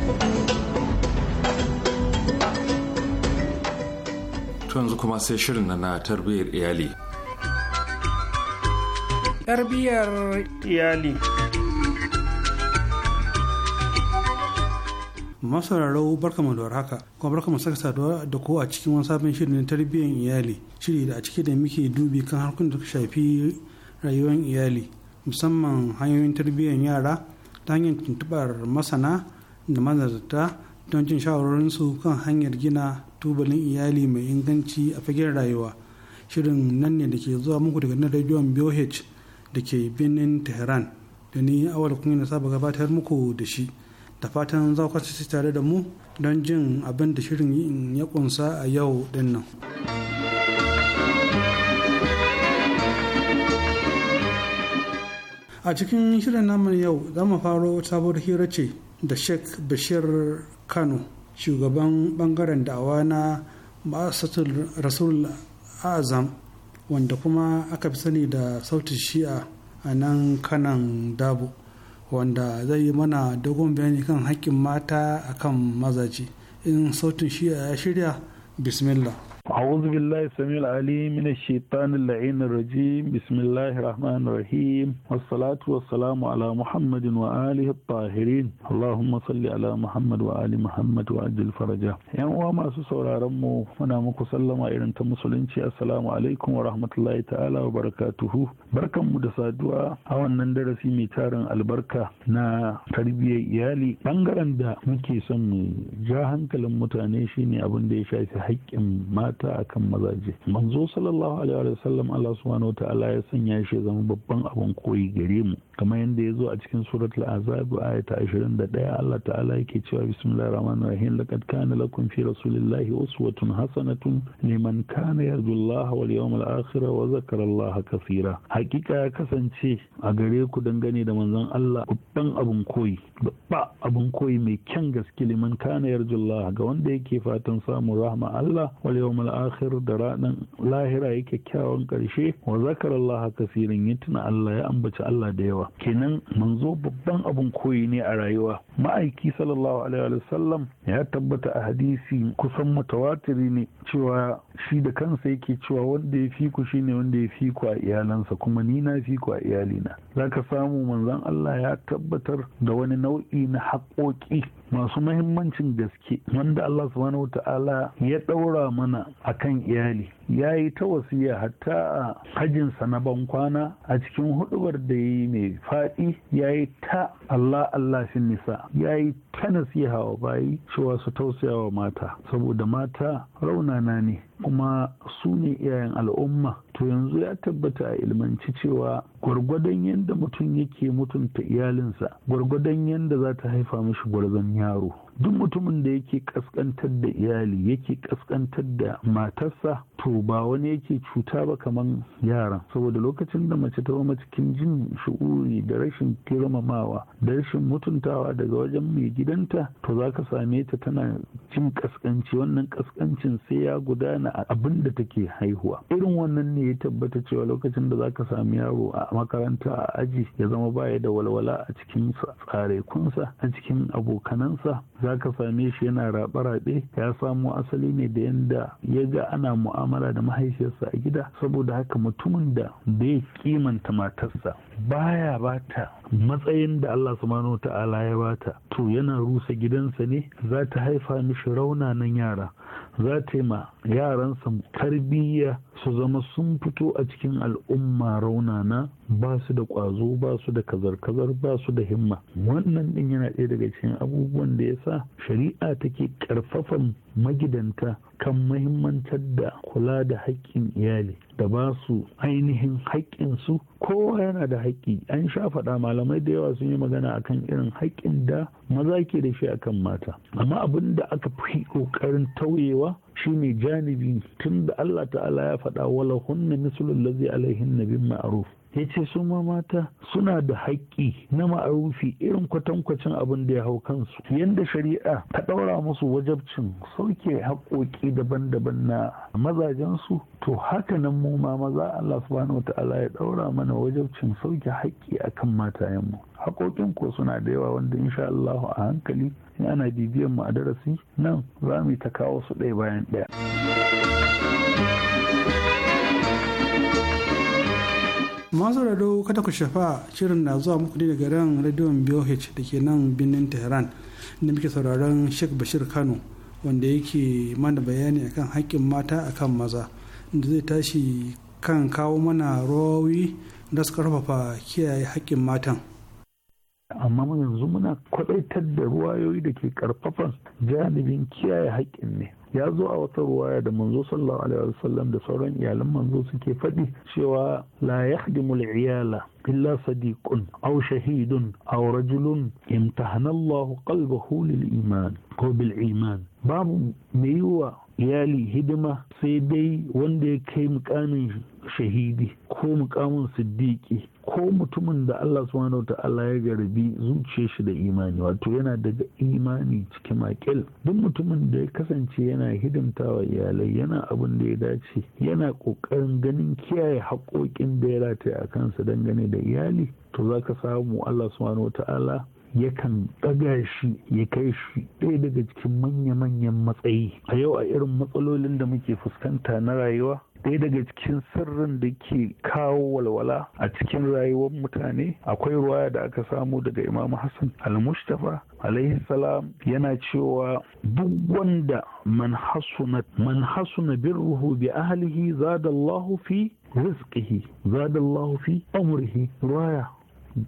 yanzu kuma sai shirin na tarbiyyar iyali. Tarbiyyar iyali. masararau barka mu da haka kuma barka mu saka saduwa da ko a cikin wani sabon shirin tarbiyyar iyali shiri da a cikin da muke dubi kan harkokin da shafi rayuwar iyali musamman hanyoyin tarbiyyar yara ta hanyar tuntubar masana da manzarta don jin su kan hanyar gina tubalin iyali mai inganci a fagen rayuwa shirin nan ne da ke zuwa muku daga nan rajiyon boh da ke birnin tehran da ni awal kun na saba gabatar muku da shi da fatan za ku tare da mu don jin abin da shirin ya kunsa a yau din nan. a cikin shirin namun yau za mu faro sabuwar hira ce da sheikh bashir kano shugaban bangaren da'awa na ma'asatul rasul azam wanda kuma aka fi sani da sautin shi'a a nan kanan dabo wanda zai yi mana dogon bayani kan haƙƙin mata a kan mazaje in sautin shi ya shirya bismillah أعوذ بالله السميع العليم من الشيطان اللعين الرجيم بسم الله الرحمن الرحيم والصلاة والسلام على محمد وآله الطاهرين اللهم صل على محمد وآل محمد وعجل فرجه yan uwa masu sauraron mu muna muku sallama irin ta musulunci assalamu alaikum wa rahmatullahi ta'ala wa barakatuhu barkan mu da saduwa awannan darasi mai tarin albarka na tarbiyyar iyali bangaren da muke son mu ja hankalin mutane shine abin da ya shafi hakkin mata mata akan mazaje manzo sallallahu alaihi wa sallam Allah subhanahu ta'ala ya sanya shi ya zama babban abin koyi gare mu kamar yadda ya zo a cikin suratul azab ayata 21 Allah ta'ala yake cewa bismillahir rahmanir rahim laqad kana lakum fi rasulillahi uswatun hasanatun liman kana yarjullaha wal yawmal akhir wa zakara Allah kaseera hakika ya kasance a gare ku dangane da manzon Allah babban abin koyi babba abin koyi mai kyan gaske liman kana yarjullaha ga wanda yake fatan samun rahma Allah wal yawmal akhir da ranar lahira ya kyakkyawan ƙarshe. wa haka kafirin ya tuna Allah ya ambaci Allah da yawa kenan manzo babban abun koyi ne a rayuwa ma'aiki sallallahu alaihi wa sallam ya tabbata a hadisi kusan mutawatiri ne cewa shi da kansa yake cewa wanda ya fi ku ne wanda ya fi ku a iyalansa kuma ni na fi ku a iyalina ka samu manzon Allah ya tabbatar da wani nau'i na haƙoƙi masu mahimmancin gaske wanda Allah subhanahu wata'ala ya ɗaura mana akan iyali ya yi ta wasiya hatta a hajinsa na bankwana a cikin hudubar da ya yi mai faɗi ya yi ta Allah Allah shi nisa ya yi ta nasiha wa bayi cewa su tausaya wa mata saboda mata raunana ne kuma su ne iyayen al'umma to yanzu ya tabbata a ilmanci cewa gwargwadon yadda mutum yake mutunta iyalinsa gwargwadon yadda za ta haifa mishi gwarzon yaro duk mutumin da yake kaskantar da iyali yake kaskantar da matarsa to ba wani yake cuta ba kamar yaran? saboda lokacin da mace ta zama cikin jin shu'uri da rashin girmamawa da rashin mutuntawa daga wajen mai gidanta to za ka same ta tana jin kaskanci wannan kaskancin sai ya gudana a abin da take haihuwa irin wannan ne ya tabbata cewa lokacin da za ka sami yaro a makaranta a aji ya zama baya da walwala a cikin tsarekunsa a cikin abokanansa za ka same shi yana raɓe-raɓe ya samo asali ne da yanda ya ga ana mu'amala mu'amala da mahaifiyarsa a gida saboda haka mutumin da bai kimanta matarsa baya bata matsayin da Allah subhanahu ta'ala ya bata to yana rusa gidansa ne za ta haifa mishi raunanan yara za ta yi ma yaransa tarbiyya su zama sun fito a cikin al'umma raunana ba su da ƙwazo ba su da kazar-kazar ba su da himma wannan ɗin yana ɗaya daga cikin abubuwan da ya sa shari'a take ƙarfafan magidanta kan mahimmantar da kula da haƙƙin iyali da ba su ainihin haƙƙinsu kowa yana da haƙƙi an sha faɗa malamai da yawa sun yi magana akan irin haƙƙin da maza ke da shi akan mata amma abin da aka fi ƙoƙarin tauyewa shi shine janibi tun da Allah ta'ala ya faɗa wala hunna mislul lazi alaihin nabin ma'ruf ya ce su ma mata suna da haƙƙi na ma'arufi irin kwatankwacin abin da ya hau kansu yadda shari'a ta ɗaura musu wajabcin sauke haƙoƙi daban-daban na mazajensu to haka nan mu ma maza Allah subhanahu ala ya ɗaura mana wajabcin sauke haƙƙi akan matayenmu haƙoƙin ko suna da yawa wanda insha Allah a hankali in ana bibiyan mu a darasi nan za mu ta kawo su ɗaya bayan ɗaya. masu rado kada ku shafa shirin na zuwa muku daga ran radiyon BOH da ke nan birnin Tehran da muke sauraron Sheikh Bashir Kano wanda yake mana bayani akan haƙƙin mata akan maza da zai tashi kan kawo mana rawowi da su karfafa kiyaye haƙƙin matan. amma mun yanzu muna kwadaitar da ruwayoyi da ke karfafan janibin kiyaye haƙƙin ne ya zo a wata ruwaya da manzo sallallahu alaihi wasallam da sauran iyalan manzo suke faɗi cewa la yahdimu al-iyala illa sadiqun aw shahidun aw rajulun imtahana Allahu qalbahu lil iman ko bil iman babu mai yiwa iyali hidima sai dai wanda ya kai mukamin shahidi ko mukamin siddiƙi ko mutumin da Allah subhanahu ta'ala ya garbi zuciya shi da imani wato yana daga imani cikin makil duk mutumin da ya kasance yana hidimtawa iyalai yana abin da ya dace yana kokarin ganin kiyaye haƙoƙin da ya rataya a kansa dangane da iyali to za ka samu Allah subhanahu ta'ala yakan ɗaga shi ya kai shi ɗaya daga cikin manya-manyan matsayi a yau a irin matsalolin da muke fuskanta na rayuwa ɗaya daga cikin sirrin da ke kawo walwala a cikin rayuwar mutane akwai ruwaya da aka samu daga imam hassan al-mustafa alaihi yana cewa duk wanda man hasuna bin hasuna bi ahlihi zada Allahu fi rizqihi zada Allahu fi amrihi ruwaya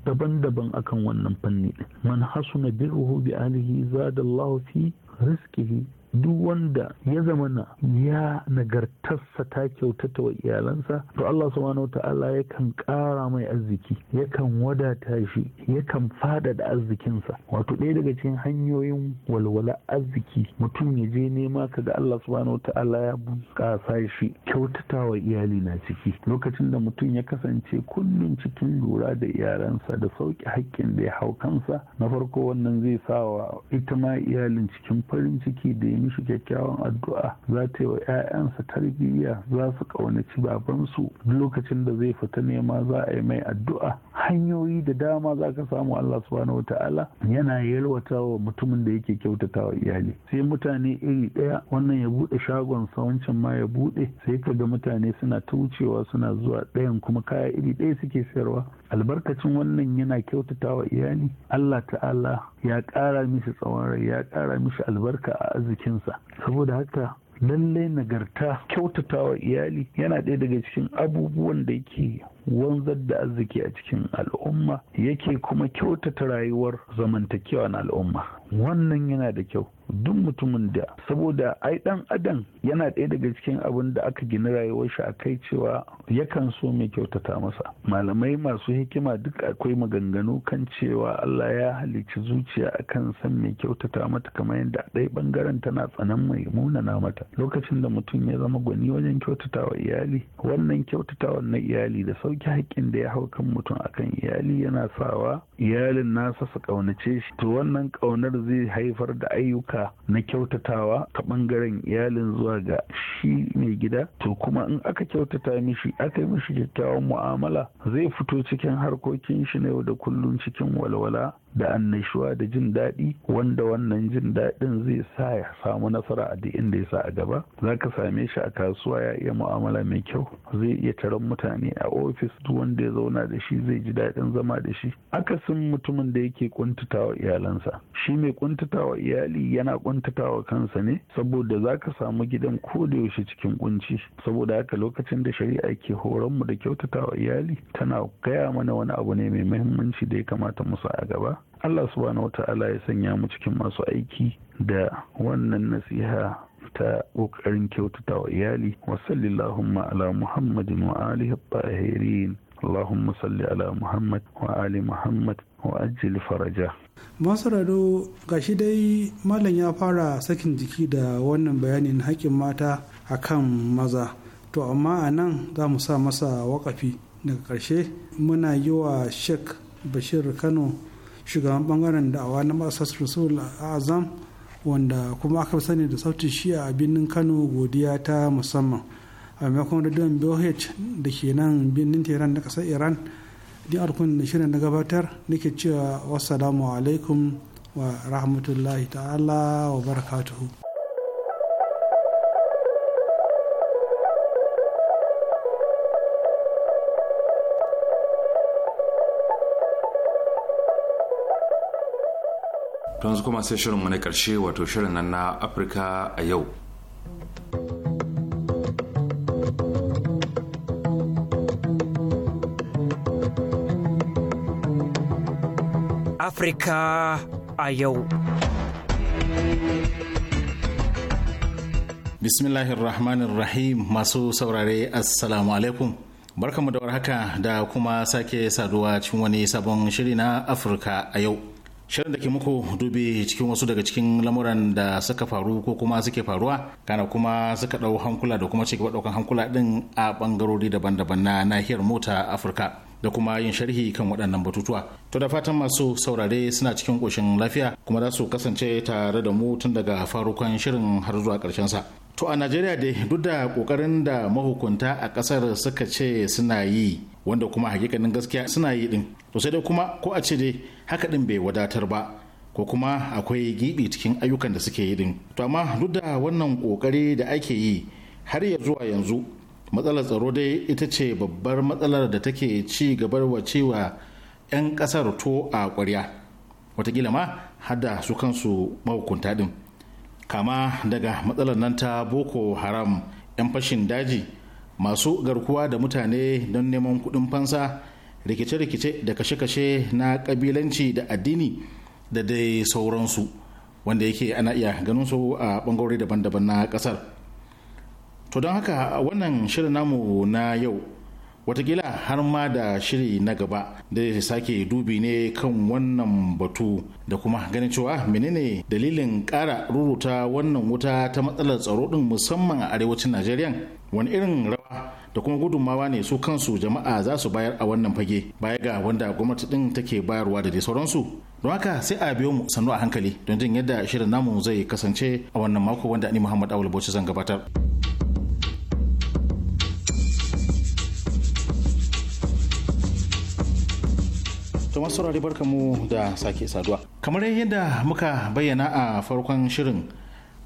daban-daban akan wannan fanni man hasuna bi'uhu bi alihi zadallahu fi rizqihi duk wanda ya zamana ya nagartarsa ta kyautata wa iyalansa to Allah subhanahu wa ta'ala yakan ƙara mai arziki yakan wadata shi yakan fada da arzikinsa wato ɗaya daga cikin hanyoyin walwala arziki mutum ya je nema ka ga Allah subhanahu ta'ala ya bunƙasa shi kyautata wa iyali na ciki lokacin da mutum ya kasance kullum cikin lura da iyalansa da sauƙi haƙƙin da ya hau kansa na farko wannan zai sa wa ita ma iyalin cikin farin ciki da mishi kyakkyawan addu'a za ta yi wa 'ya'yansa tarbiyya za su ƙaunaci babansu lokacin da zai fita nema za a yi mai addu'a hanyoyi da dama za ka samu Allah subhanahu ta'ala yana yalwata wa mutumin da yake kyautata wa iyali sai mutane iri ɗaya wannan ya buɗe shagon sawancin wancan ma ya buɗe sai ka ga mutane suna ta wucewa suna zuwa ɗayan kuma kaya iri ɗaya suke sayarwa albarkacin wannan yana kyautata wa iyali Allah ta'ala ya ƙara mishi tsawon rai ya ƙara mishi albarka a arzikinsa saboda haka lallai nagarta kyautata wa iyali yana ɗaya daga cikin abubuwan da yake wanzar da arziki a cikin al'umma yake kuma kyautata rayuwar zamantakewa na al'umma wannan yana da kyau duk mutumin da saboda ai dan adam yana ɗaya daga cikin abin da aka gina rayuwar shi a kai cewa yakan so mai kyautata masa malamai masu hikima duk akwai maganganu kan cewa Allah ya halicci zuciya akan san mai kyautata mata kamar yadda ɗaya bangaren tana tsanan mai munana mata lokacin da mutum ya zama gwani wajen kyautatawa iyali wannan kyautatawa na iyali da sauki duk haƙƙin da ya hau kan mutum akan iyali yana sawa iyalin nasa su ƙaunace shi to wannan ƙaunar zai haifar da ayyuka na kyautatawa ta ɓangaren iyalin zuwa ga shi mai gida to kuma in aka kyautata mishi aka yi mishi kyakkyawan mu'amala zai fito cikin harkokin shi na yau da kullum cikin walwala da annashuwa da jin daɗi wanda wannan jin daɗin zai sa ya samu nasara a duk inda ya sa a gaba za ka same shi a kasuwa ya iya mu'amala mai kyau zai iya taron mutane a ofis duk wanda ya zauna da shi zai ji daɗin zama da shi akasin mutumin da yake kuntatawa iyalansa shi mai kuntatawa iyali yana kuntatawa kansa ne saboda za ka samu gidan ko da yaushe cikin kunci saboda haka lokacin da shari'a ke horon mu da kyautatawa iyali tana gaya mana wani abu ne mai muhimmanci da ya kamata mu sa a gaba Allah subhanahu wata'ala ya sanya mu cikin masu aiki da wannan nasiha ta ƙoƙarin kyautata wa iyali wa salli sallillahumma ala muhammadin wa alihi tahirin Allahumma salli ala Muhammad wa ali Muhammad wa ajil faraja. Masarado gashi dai malam ya fara sakin jiki da wannan bayanin haƙƙin mata a kan maza. To amma a nan za mu sa masa waƙafi daga ƙarshe muna yi wa Sheikh Bashir Kano shugaban bangaren da'awa na masas rasul azam wanda kuma aka sani da sautin shi a birnin kano godiya ta musamman a maimakon radiyon boh da ke nan birnin tehran na kasar iran din arkun da shirin na gabatar nake cewa wasu alaikum wa rahmatullahi ta'ala wa barakatuhu don su kuma sai shirinmu na karshe wato shirin nan na afirka a yau afirka a yau bismillahirrahmanirrahim masu saurare assalamu alaikum barkamu da warhaka da kuma sake saduwa cikin wani sabon shiri na afirka a yau shirin da ke muku dube cikin wasu daga cikin lamuran da suka faru ko kuma suke faruwa kana kuma suka ɗau hankula da kuma cigaba daukan hankula din a bangarori daban-daban na nahiyar mota afirka da kuma yin sharhi kan waɗannan batutuwa to da fatan masu saurare suna cikin ƙoshin lafiya kuma za su kasance tare da mu tun daga farukan shirin har zuwa karshen sa to a najeriya dai duk da kokarin da mahukunta a kasar suka ce suna yi wanda kuma hakikanin gaskiya suna yi ɗin to sai dai kuma ko a ce dai haka din bai wadatar ba ko kuma akwai gibi cikin ayyukan da suke yi din to amma duk da wannan kokari da ake yi har ya zuwa yanzu matsalar tsaro dai ita ce babbar matsalar da take ci gabar cewa 'yan kasar to a ƙwarya watakila ma hada su kansu mahukunta din kama daga matsalar nan ta boko haram 'yan fashin daji masu garkuwa da mutane don neman kuɗin fansa rikice-rikice da kashe-kashe na kabilanci da addini da dai sauransu wanda yake ana iya ganin su a bangarori daban-daban na kasar to don haka wannan shirin namu na yau watakila har ma da shiri na gaba da sake dubi ne kan wannan batu da kuma ganin cewa menene dalilin kara ruruta wannan wuta ta matsalar tsaro din musamman a arewacin najeriya wani irin da kuma gudunmawa ne su kansu jama'a za su bayar a wannan fage baya ga wanda gwamnati din take bayarwa da dai sauransu don haka sai a biyo mu sannu a hankali don jin yadda shirin namu zai kasance a wannan mako wanda ni muhammad awul bauchi zan gabatar to masu barka mu da sake saduwa kamar yadda muka bayyana a farkon shirin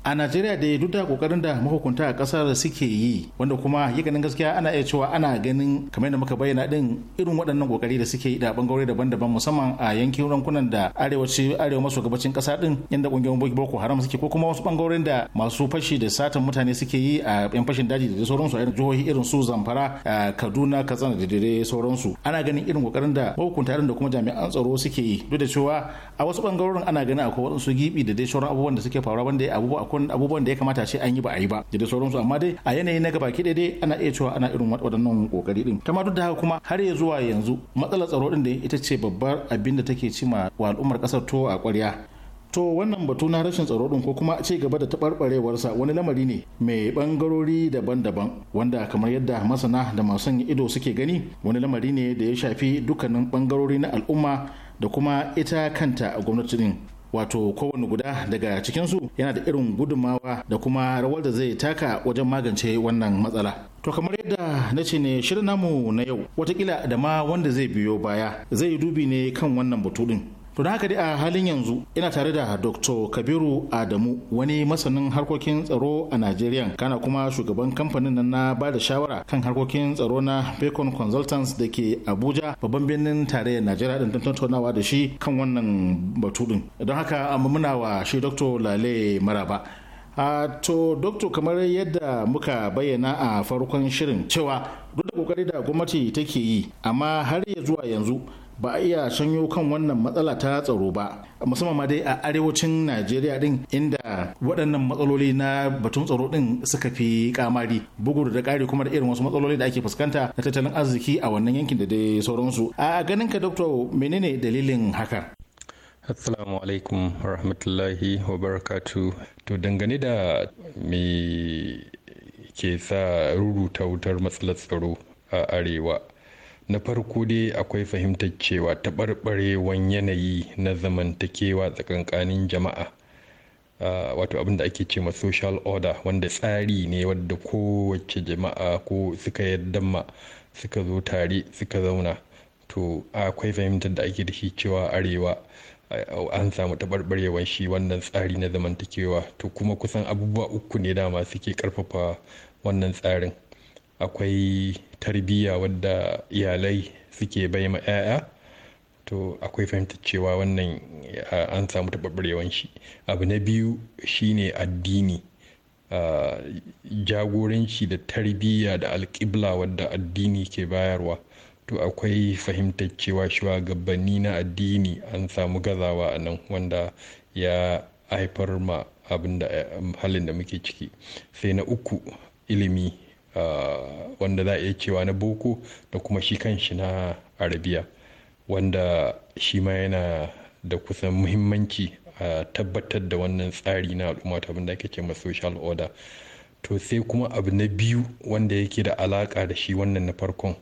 a najeriya da duk da kokarin da mahukunta a kasar suke yi wanda kuma yi ganin gaskiya ana iya cewa ana ganin kamar yadda muka bayyana din irin waɗannan kokari da suke yi da bangarori daban-daban musamman a yankin rankunan da arewaci arewa maso gabacin kasa din inda kungiyoyin boko haram suke ko kuma wasu bangarorin da masu fashi da satan mutane suke yi a yan fashin daji da sauransu a yan jihohi irin su zamfara kaduna katsina da dai sauransu ana ganin irin kokarin da mahukunta da kuma jami'an tsaro suke yi duk da cewa a wasu bangarorin ana ganin akwai waɗansu gibi da dai sauran abubuwan da suke faruwa wanda abubuwa sakamakon abubuwan da ya kamata ce an yi ba a yi ba da sauransu amma dai a yanayi na gaba kide dai ana iya cewa ana irin waɗannan kokari din ta duk da haka kuma har ya zuwa yanzu matsalar tsaro din da ita ce babbar abin da take cima wa al'ummar kasar to a ƙwarya to wannan batu na rashin tsaro din ko kuma ci gaba da taɓarɓarewarsa wani lamari ne mai ɓangarori daban-daban wanda kamar yadda masana da masu ido suke gani wani lamari ne da ya shafi dukkanin ɓangarori na al'umma da kuma ita kanta a gwamnati din wato kowane guda daga cikinsu yana da irin gudunmawa da kuma rawar da zai taka wajen magance wannan matsala to kamar yadda na ce ne shirin namu na yau watakila da ma wanda zai biyo baya zai dubi ne kan wannan batu To da haka dai a halin yanzu ina tare da Dr. Kabiru Adamu wani masanin harkokin tsaro a Najeriya kana kuma shugaban kamfanin nan na ba da shawara kan harkokin tsaro na Bacon Consultants da ke Abuja babban birnin tarayyar Najeriya din tattaunawa da shi kan wannan batu din. Don haka muna wa shi Dr. Lale Maraba. A to Dr. kamar yadda muka bayyana a farkon shirin cewa duk da kokari da gwamnati take yi amma har ya zuwa yanzu ba a iya sanyo kan wannan matsala ta tsaro ba musamman ma dai a arewacin najeriya din inda waɗannan matsaloli na batun tsaro din suka fi kamari bugu da ƙari kuma da irin wasu matsaloli da ake fuskanta na tattalin arziki a wannan yankin da dai sauransu a ganin ka doktor menene dalilin haka assalamu alaikum rahmatullahi wa barakatu to dangane da me ke sa ruruta wutar matsalar tsaro a arewa na farko dai akwai fahimtar cewa taɓarɓarewan yanayi na zamantakewa tsakankanin jama'a wato abin da ake ce ma social order wanda tsari ne wadda kowace jama'a ko suka yarda ma suka zo tare suka zauna to akwai fahimtar da ake da shi cewa arewa an samu taɓarɓarewar shi wannan tsari na zamantakewa to kuma kusan abubuwa uku ne dama suke ƙarfafa wannan tsarin akwai tarbiyya wadda iyalai suke bai ma 'ya'ya to akwai fahimtar cewa wannan an samu taɓaɓɓarewan shi abu na biyu shine addini jagoranci da tarbiyya da alƙibla wadda addini ke bayarwa to akwai fahimtar cewa shugabanni na addini an samu gazawa a nan wanda ya haifar ma abin da halin da muke ciki sai na uku ilimi Eh, wanda za a iya cewa na boko da kuma shi kanshi na arabiya wanda shi ma yana da kusan muhimmanci a tabbatar da wannan tsari na al'umma ta abinda ake ce ma social order to sai kuma abu na biyu wanda yake da alaka da shi wannan na farkon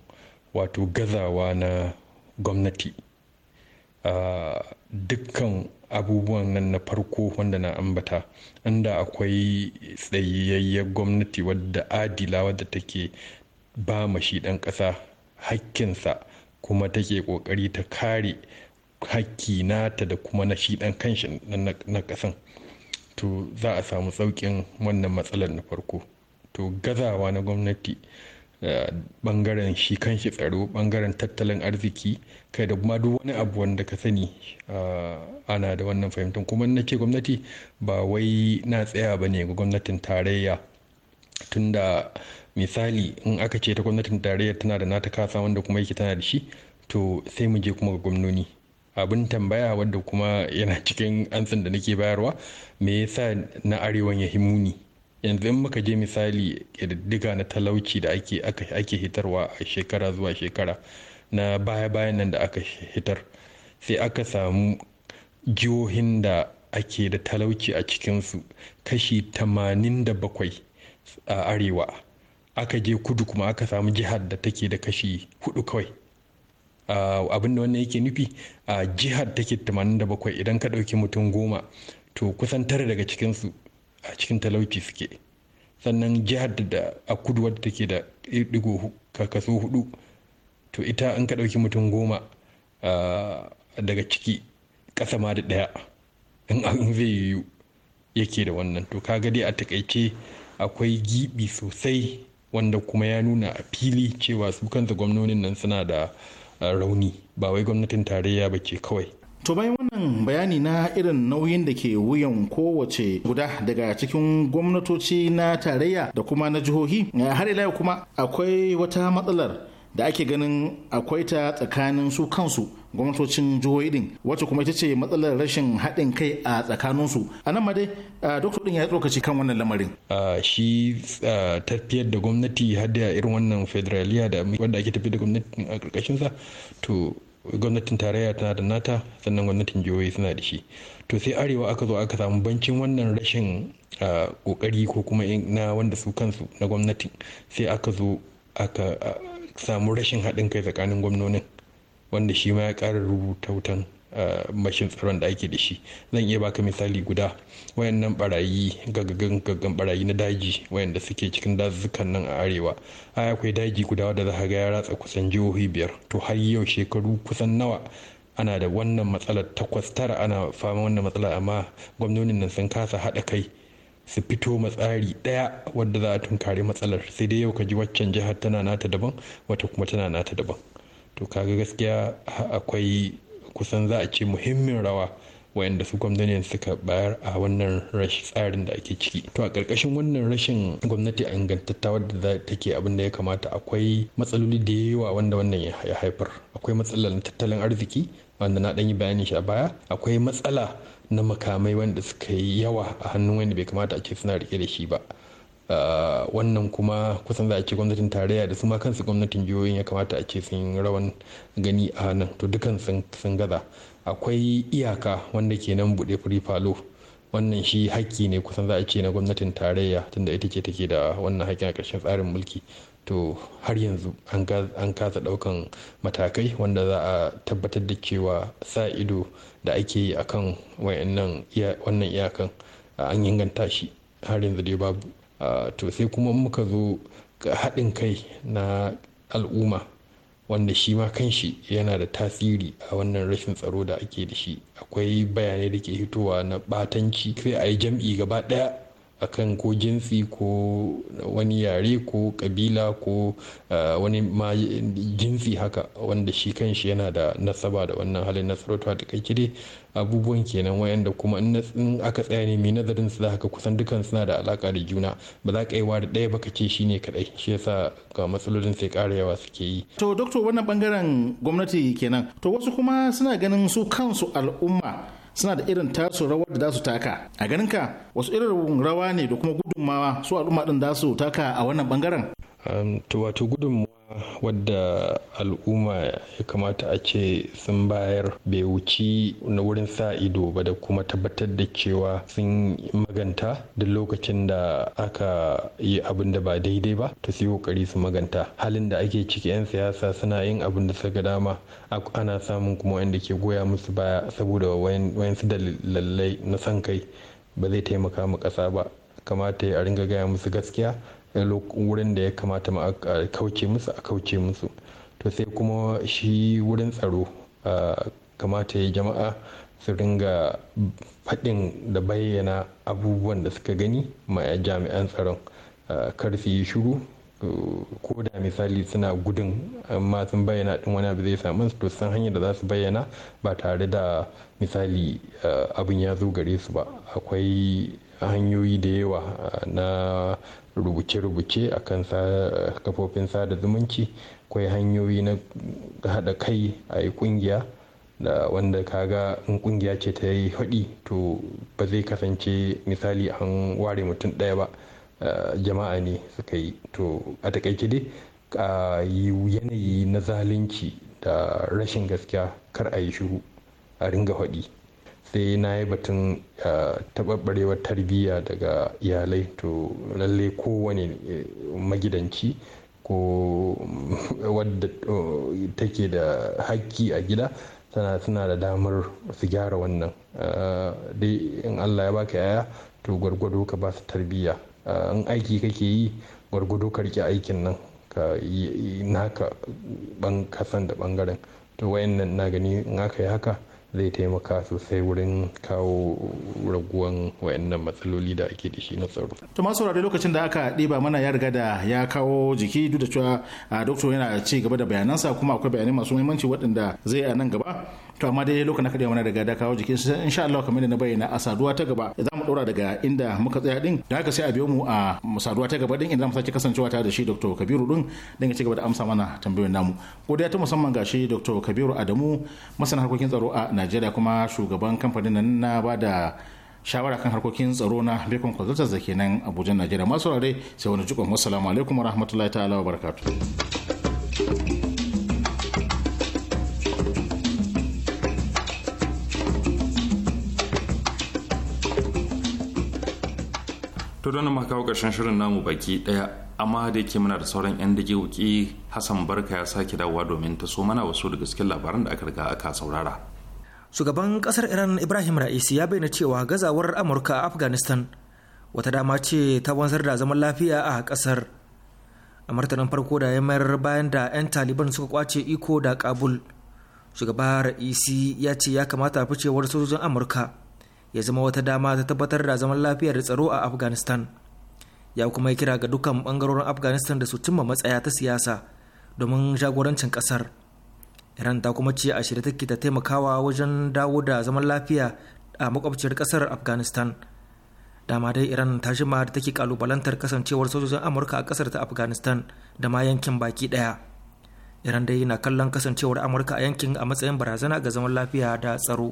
wato gazawa na gwamnati eh, dukkan abubuwan nan na farko wanda na ambata inda akwai tsayayyar gwamnati wadda adila wadda take ba ma shi ɗan ƙasa hakkinsa kuma take ƙoƙari ta kare hakki nata da kuma na shi ɗan kanshi na ƙasan to za a samu saukin wannan matsalar na farko to gazawa na gwamnati bangaren shi kanshi tsaro bangaren tattalin arziki kai da kuma duk wani abu wanda ka sani ana da wannan fahimtar kuma na ce gwamnati ba wai na tsaya ba ne ga gwamnatin tarayya tunda misali in aka ce ta gwamnatin tarayya tana da nata kasa wanda kuma yake tana da shi to sai mu je kuma ga gwamnoni abin tambaya wadda kuma yana cikin ansan da nake bayarwa me yasa na arewan ya himuni yanzu in muka je misali ƙididdiga na talauci da ake hitarwa a shekara zuwa shekara na baya-bayan nan da aka hitar sai aka samu jihohin da ake da talauci a cikinsu kashi 87 a arewa aka je kudu kuma aka samu jihar da take da kashi hudu kawai abin wannan yake nufi a jihar take 87 idan ka dauki mutum goma to kusan tara daga cikinsu a cikin talauci suke sannan jihar da a kudu wadda take da digo kaso hudu to ita an ka ɗauki mutum goma daga ciki ƙasa ma da ɗaya in an zai yiwu yake da wannan to kaga dai a takaice akwai giɓi sosai wanda kuma ya nuna a fili cewa su kansa gwamnonin nan suna da rauni ba wai gwamnatin tarayya ba ke kawai wannan bayani na irin nauyin da ke wuyan kowace guda daga cikin gwamnatoci na tarayya da kuma na jihohi har ila kuma akwai wata matsalar da ake ganin akwai ta tsakanin su kansu gwamnatocin jihohi din wacce kuma ita ce matsalar rashin haɗin kai a tsakaninsu a nan ma dai doktor din ya tsokaci kan wannan lamarin shi tafiyar da gwamnati hada irin wannan federaliya da wanda ake tafiyar da gwamnati a ƙarƙashin sa to gwamnatin tarayya tana da nata sannan gwamnatin jihohi suna da shi to sai arewa aka zo aka samu bancin wannan rashin kokari ko kuma na wanda su kansu na gwamnati sai aka zo aka samu rashin haɗin kai tsakanin gwamnonin wanda shi ma ya ƙara rubuta wutan mashin tsaron da ake da shi zan iya baka misali guda wayannan barayi gaggan barayi na daji wayanda suke cikin dazuzzukan nan a arewa ai akwai daji guda wanda za ga ya ratsa kusan jihohi biyar to har yau shekaru kusan nawa ana da wannan matsalar takwas tara ana fama wannan matsala amma gwamnonin nan sun kasa haɗa kai su fito matsari ɗaya wadda za a tunkari matsalar sai dai yau ka ji waccan jihar tana nata daban wata kuma tana nata daban to kaga gaskiya akwai kusan za a ce muhimmin rawa wayanda su gwamnatin suka bayar a wannan rashin tsarin da ake ciki to a ƙarƙashin wannan rashin gwamnati a ingantatta wadda take abin da ya kamata akwai matsaloli da yawa wanda wannan ya haifar akwai matsalar tattalin arziki wanda na ɗan yi bayani shi a baya akwai matsala na makamai wanda suka yi yawa a hannun wanda bai kamata a ce suna rike da shi ba wannan kuma kusan za a ce gwamnatin tarayya da su ma kansu gwamnatin jihohin ya kamata a ce sun rawan gani a nan to dukan sun gaza akwai iyaka wanda ke nan buɗe firifalo falo wannan shi haƙƙi ne kusan za a ce na gwamnatin tarayya tunda ita ce take da wannan haƙƙin a ƙarshen tsarin mulki to har yanzu an kasa ɗaukan matakai wanda za a tabbatar da cewa sa ido da ake yi akan wannan iyakan an inganta shi har yanzu dai babu Ah, to sai kuma muka zo ga haɗin kai na al'umma wanda shi ma kan shi yana da tasiri a wannan rashin tsaro da ake da shi akwai bayanai da ke hitowa na batanci sai a yi jam'i gaba ɗaya akan ko jinsi ko wani yare ko kabila ko eh, wani ma jinsi haka wanda shi kanshi yana da nasaba da wannan halin na sarauta da dai abubuwan kenan wayanda kuma in aka tsaya ne mai nazarin su haka kusan dukan suna da alaka da juna ba za ka yi da ɗaya ba ka ce shi ne kaɗai shi yasa ga matsalolin sai ƙara yawa suke yi. to doktor wannan bangaren gwamnati kenan to wasu kuma suna ganin su kansu al'umma suna da irin tasu rawar da za su taka a ganinka wasu irin rawa ne da kuma gudunmawa su al'umma din da su taka a wannan bangaren Um, to wato gudunmuwa wadda al'umma ya kamata a ce sun bayar bai wuci na wurin sa ido ba da kuma tabbatar da cewa sun maganta da lokacin da aka yi abin da ba daidai ba ta su yi kokari su maganta halin da ake ciki 'yan siyasa suna yin abin da suka dama ana samun kuma wanda ke goya musu baya saboda wayansu da lallai na san kai ba zai taimaka ma ƙasa ba kamata a ringa gaya musu gaskiya wurin da ya kamata a kauce musu a kauce musu to sai kuma shi wurin tsaro kamata ya jama'a su ringa faɗin da bayyana abubuwan da suka gani ma jami'an tsaron kar su yi shuru ko da misali suna gudun amma sun bayyana ɗin wani abu zai samu su san hanyar da za su bayyana ba tare da misali abin ya zo gare su ba akwai hanyoyi da yawa na rubuce-rubuce a kan kafofin sada zumunci akwai hanyoyi na haɗa kai a yi ƙungiya da wanda ka ga in ƙungiya ce ta yi haɗi to ba zai kasance misali an ware mutum ɗaya ba eh, jama'a ne suka yi to a takaice dai a yi yanayi na zalunci da rashin gaskiya kar a yi shiru a ringa haɗi sai na yi batun eh, taɓaɓɓarewar tarbiyya daga iyalai to lalle kowane eh, magidanci ko wadda eh, take da haƙƙi a gida tana suna da damar su gyara wannan dai in allah ya baka yaya to gwargwado ka ba su tarbiyya in aiki kake yi gwargwado ka rike aikin nan ka yi naka kasan da ɓangaren to wayannan na gani in aka yi haka zai taimaka sosai wurin kawo raguwan wayannan matsaloli da ake da shi na tsaro. to masu saurari lokacin da aka ɗiba mana ya riga da ya kawo jiki duk da cewa ah, doktor yana ci gaba da bayanansa kuma akwai bayanai masu muhimmanci waɗanda zai a nan gaba to amma dai lokacin da kada mana daga da kawo jikin sai insha Allah kamar na bayyana a saduwa ta gaba za mu dora daga inda muka tsaya din da haka sai a biyo mu a saduwa ta gaba din inda mu sake kasancewa tare da shi Dr. Kabiru din dan ya ci gaba da amsa mana tambayoyin namu godiya ta musamman ga shi Dr. Kabiru Adamu masana harkokin tsaro a Najeriya kuma shugaban kamfanin nan na bada shawara kan harkokin tsaro na bekon Consultants da ke nan Abuja Najeriya masu rare sai wani jikon wassalamu alaikum warahmatullahi ta'ala wa to don mu kawo ƙarshen shirin namu baki ɗaya amma da yake muna da sauran 'yan dage wuki hassan barka ya sake dawowa domin ta so mana wasu daga cikin labaran da aka riga aka saurara shugaban kasar iran ibrahim ra'isi ya bayyana cewa gazawar amurka a afghanistan wata dama ce ta wanzar da zaman lafiya a kasar a martanin farko da ya mayar bayan da 'yan taliban suka kwace iko da kabul shugaba ra'isi ya ce ya kamata ficewar sojojin amurka ya zama wata dama ta tabbatar da zaman lafiyar da tsaro a afghanistan ya kuma yi kira ga dukkan bangarorin afghanistan da su cimma matsaya ta siyasa domin jagorancin kasar iran ta kuma ce a shirya take ta taimakawa wajen dawo da zaman lafiya a makwabciyar kasar afghanistan dama dai iran ta jima da take kalubalantar kasancewar sojojin amurka a kasar ta afghanistan da ma yankin baki daya iran dai na kallon kasancewar amurka a yankin a matsayin barazana ga zaman lafiya da tsaro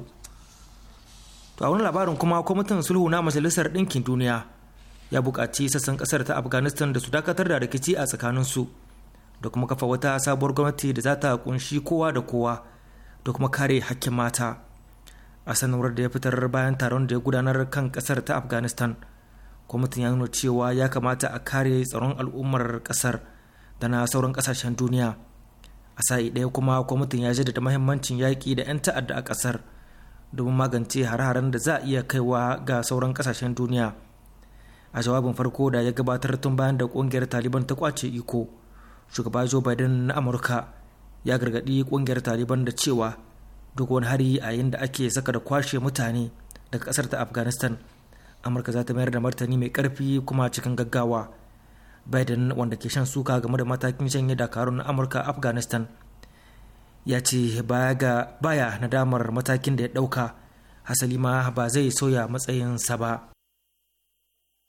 to a wani labarin kuma kwamitin sulhu na majalisar ɗinkin duniya ya buƙaci sassan ƙasar ta afghanistan da su dakatar da rikici a tsakaninsu da kuma kafa wata sabuwar gwamnati da za ta kunshi kowa da kowa da kuma kare hakkin mata a sanarwar da ya fitar bayan taron da ya gudanar kan ƙasar ta afghanistan kwamitin ya nuna cewa ya kamata a kare tsaron al'ummar ƙasar da na sauran ƙasashen duniya a sa'i ɗaya kuma kwamitin ya jaddada mahimmancin yaƙi da 'yan ta'adda a ƙasar domin magance hare-haren da za a iya kaiwa ga sauran kasashen duniya a jawabin farko da ya gabatar tun bayan da kungiyar taliban ta kwace iko shugaba joe biden na amurka ya gargadi kungiyar taliban da cewa duk wani hari a yayin da ake saka da kwashe mutane daga kasar ta afghanistan amurka za ta mayar da martani mai karfi kuma cikin gaggawa biden wanda ke shan suka game da matakin shanye dakarun amurka afghanistan ya ce baya ga baya nadamar matakin da ya ɗauka hasali ma ba zai soya matsayinsa ba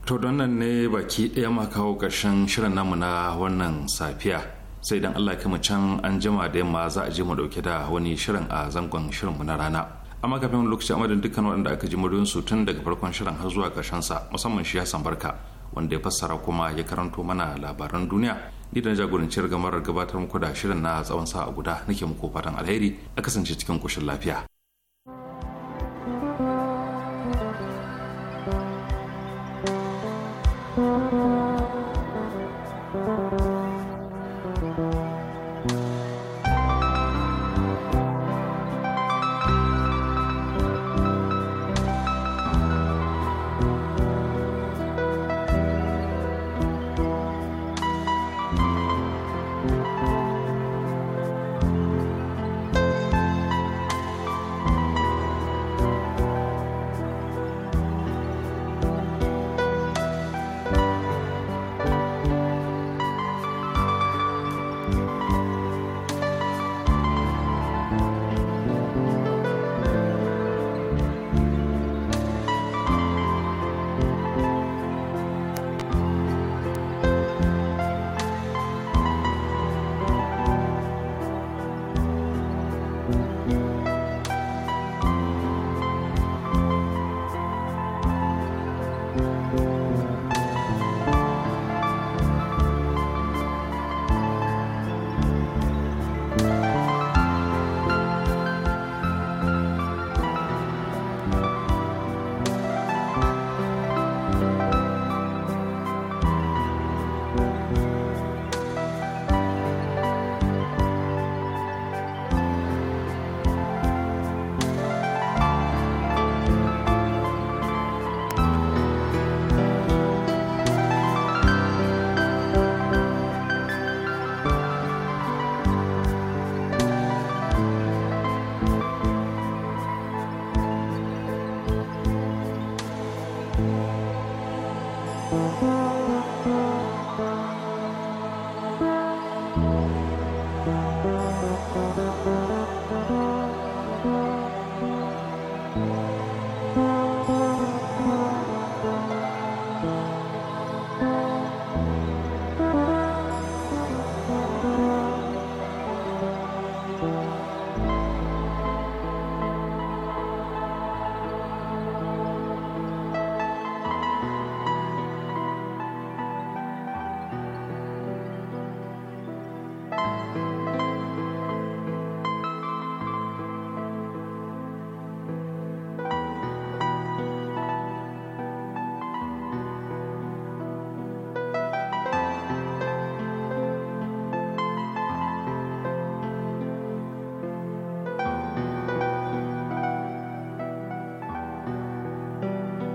to don nan ne baki ɗaya ma kawo ƙarshen shirin namu na wannan safiya sai dan allah kama can an jima da yamma za a je mu ɗauke da wani shirin a zangon shirinmu na rana amma kafin lokaci amadin dukkan waɗanda aka ji su tun daga farkon shirin har zuwa sa musamman shi ya barka wanda ya fassara kuma ya karanto mana labaran duniya ni da jagorancin gamarar gabatar muku da shirin na tsawon sa'a guda nake muku fatan alheri a kasance cikin koshin lafiya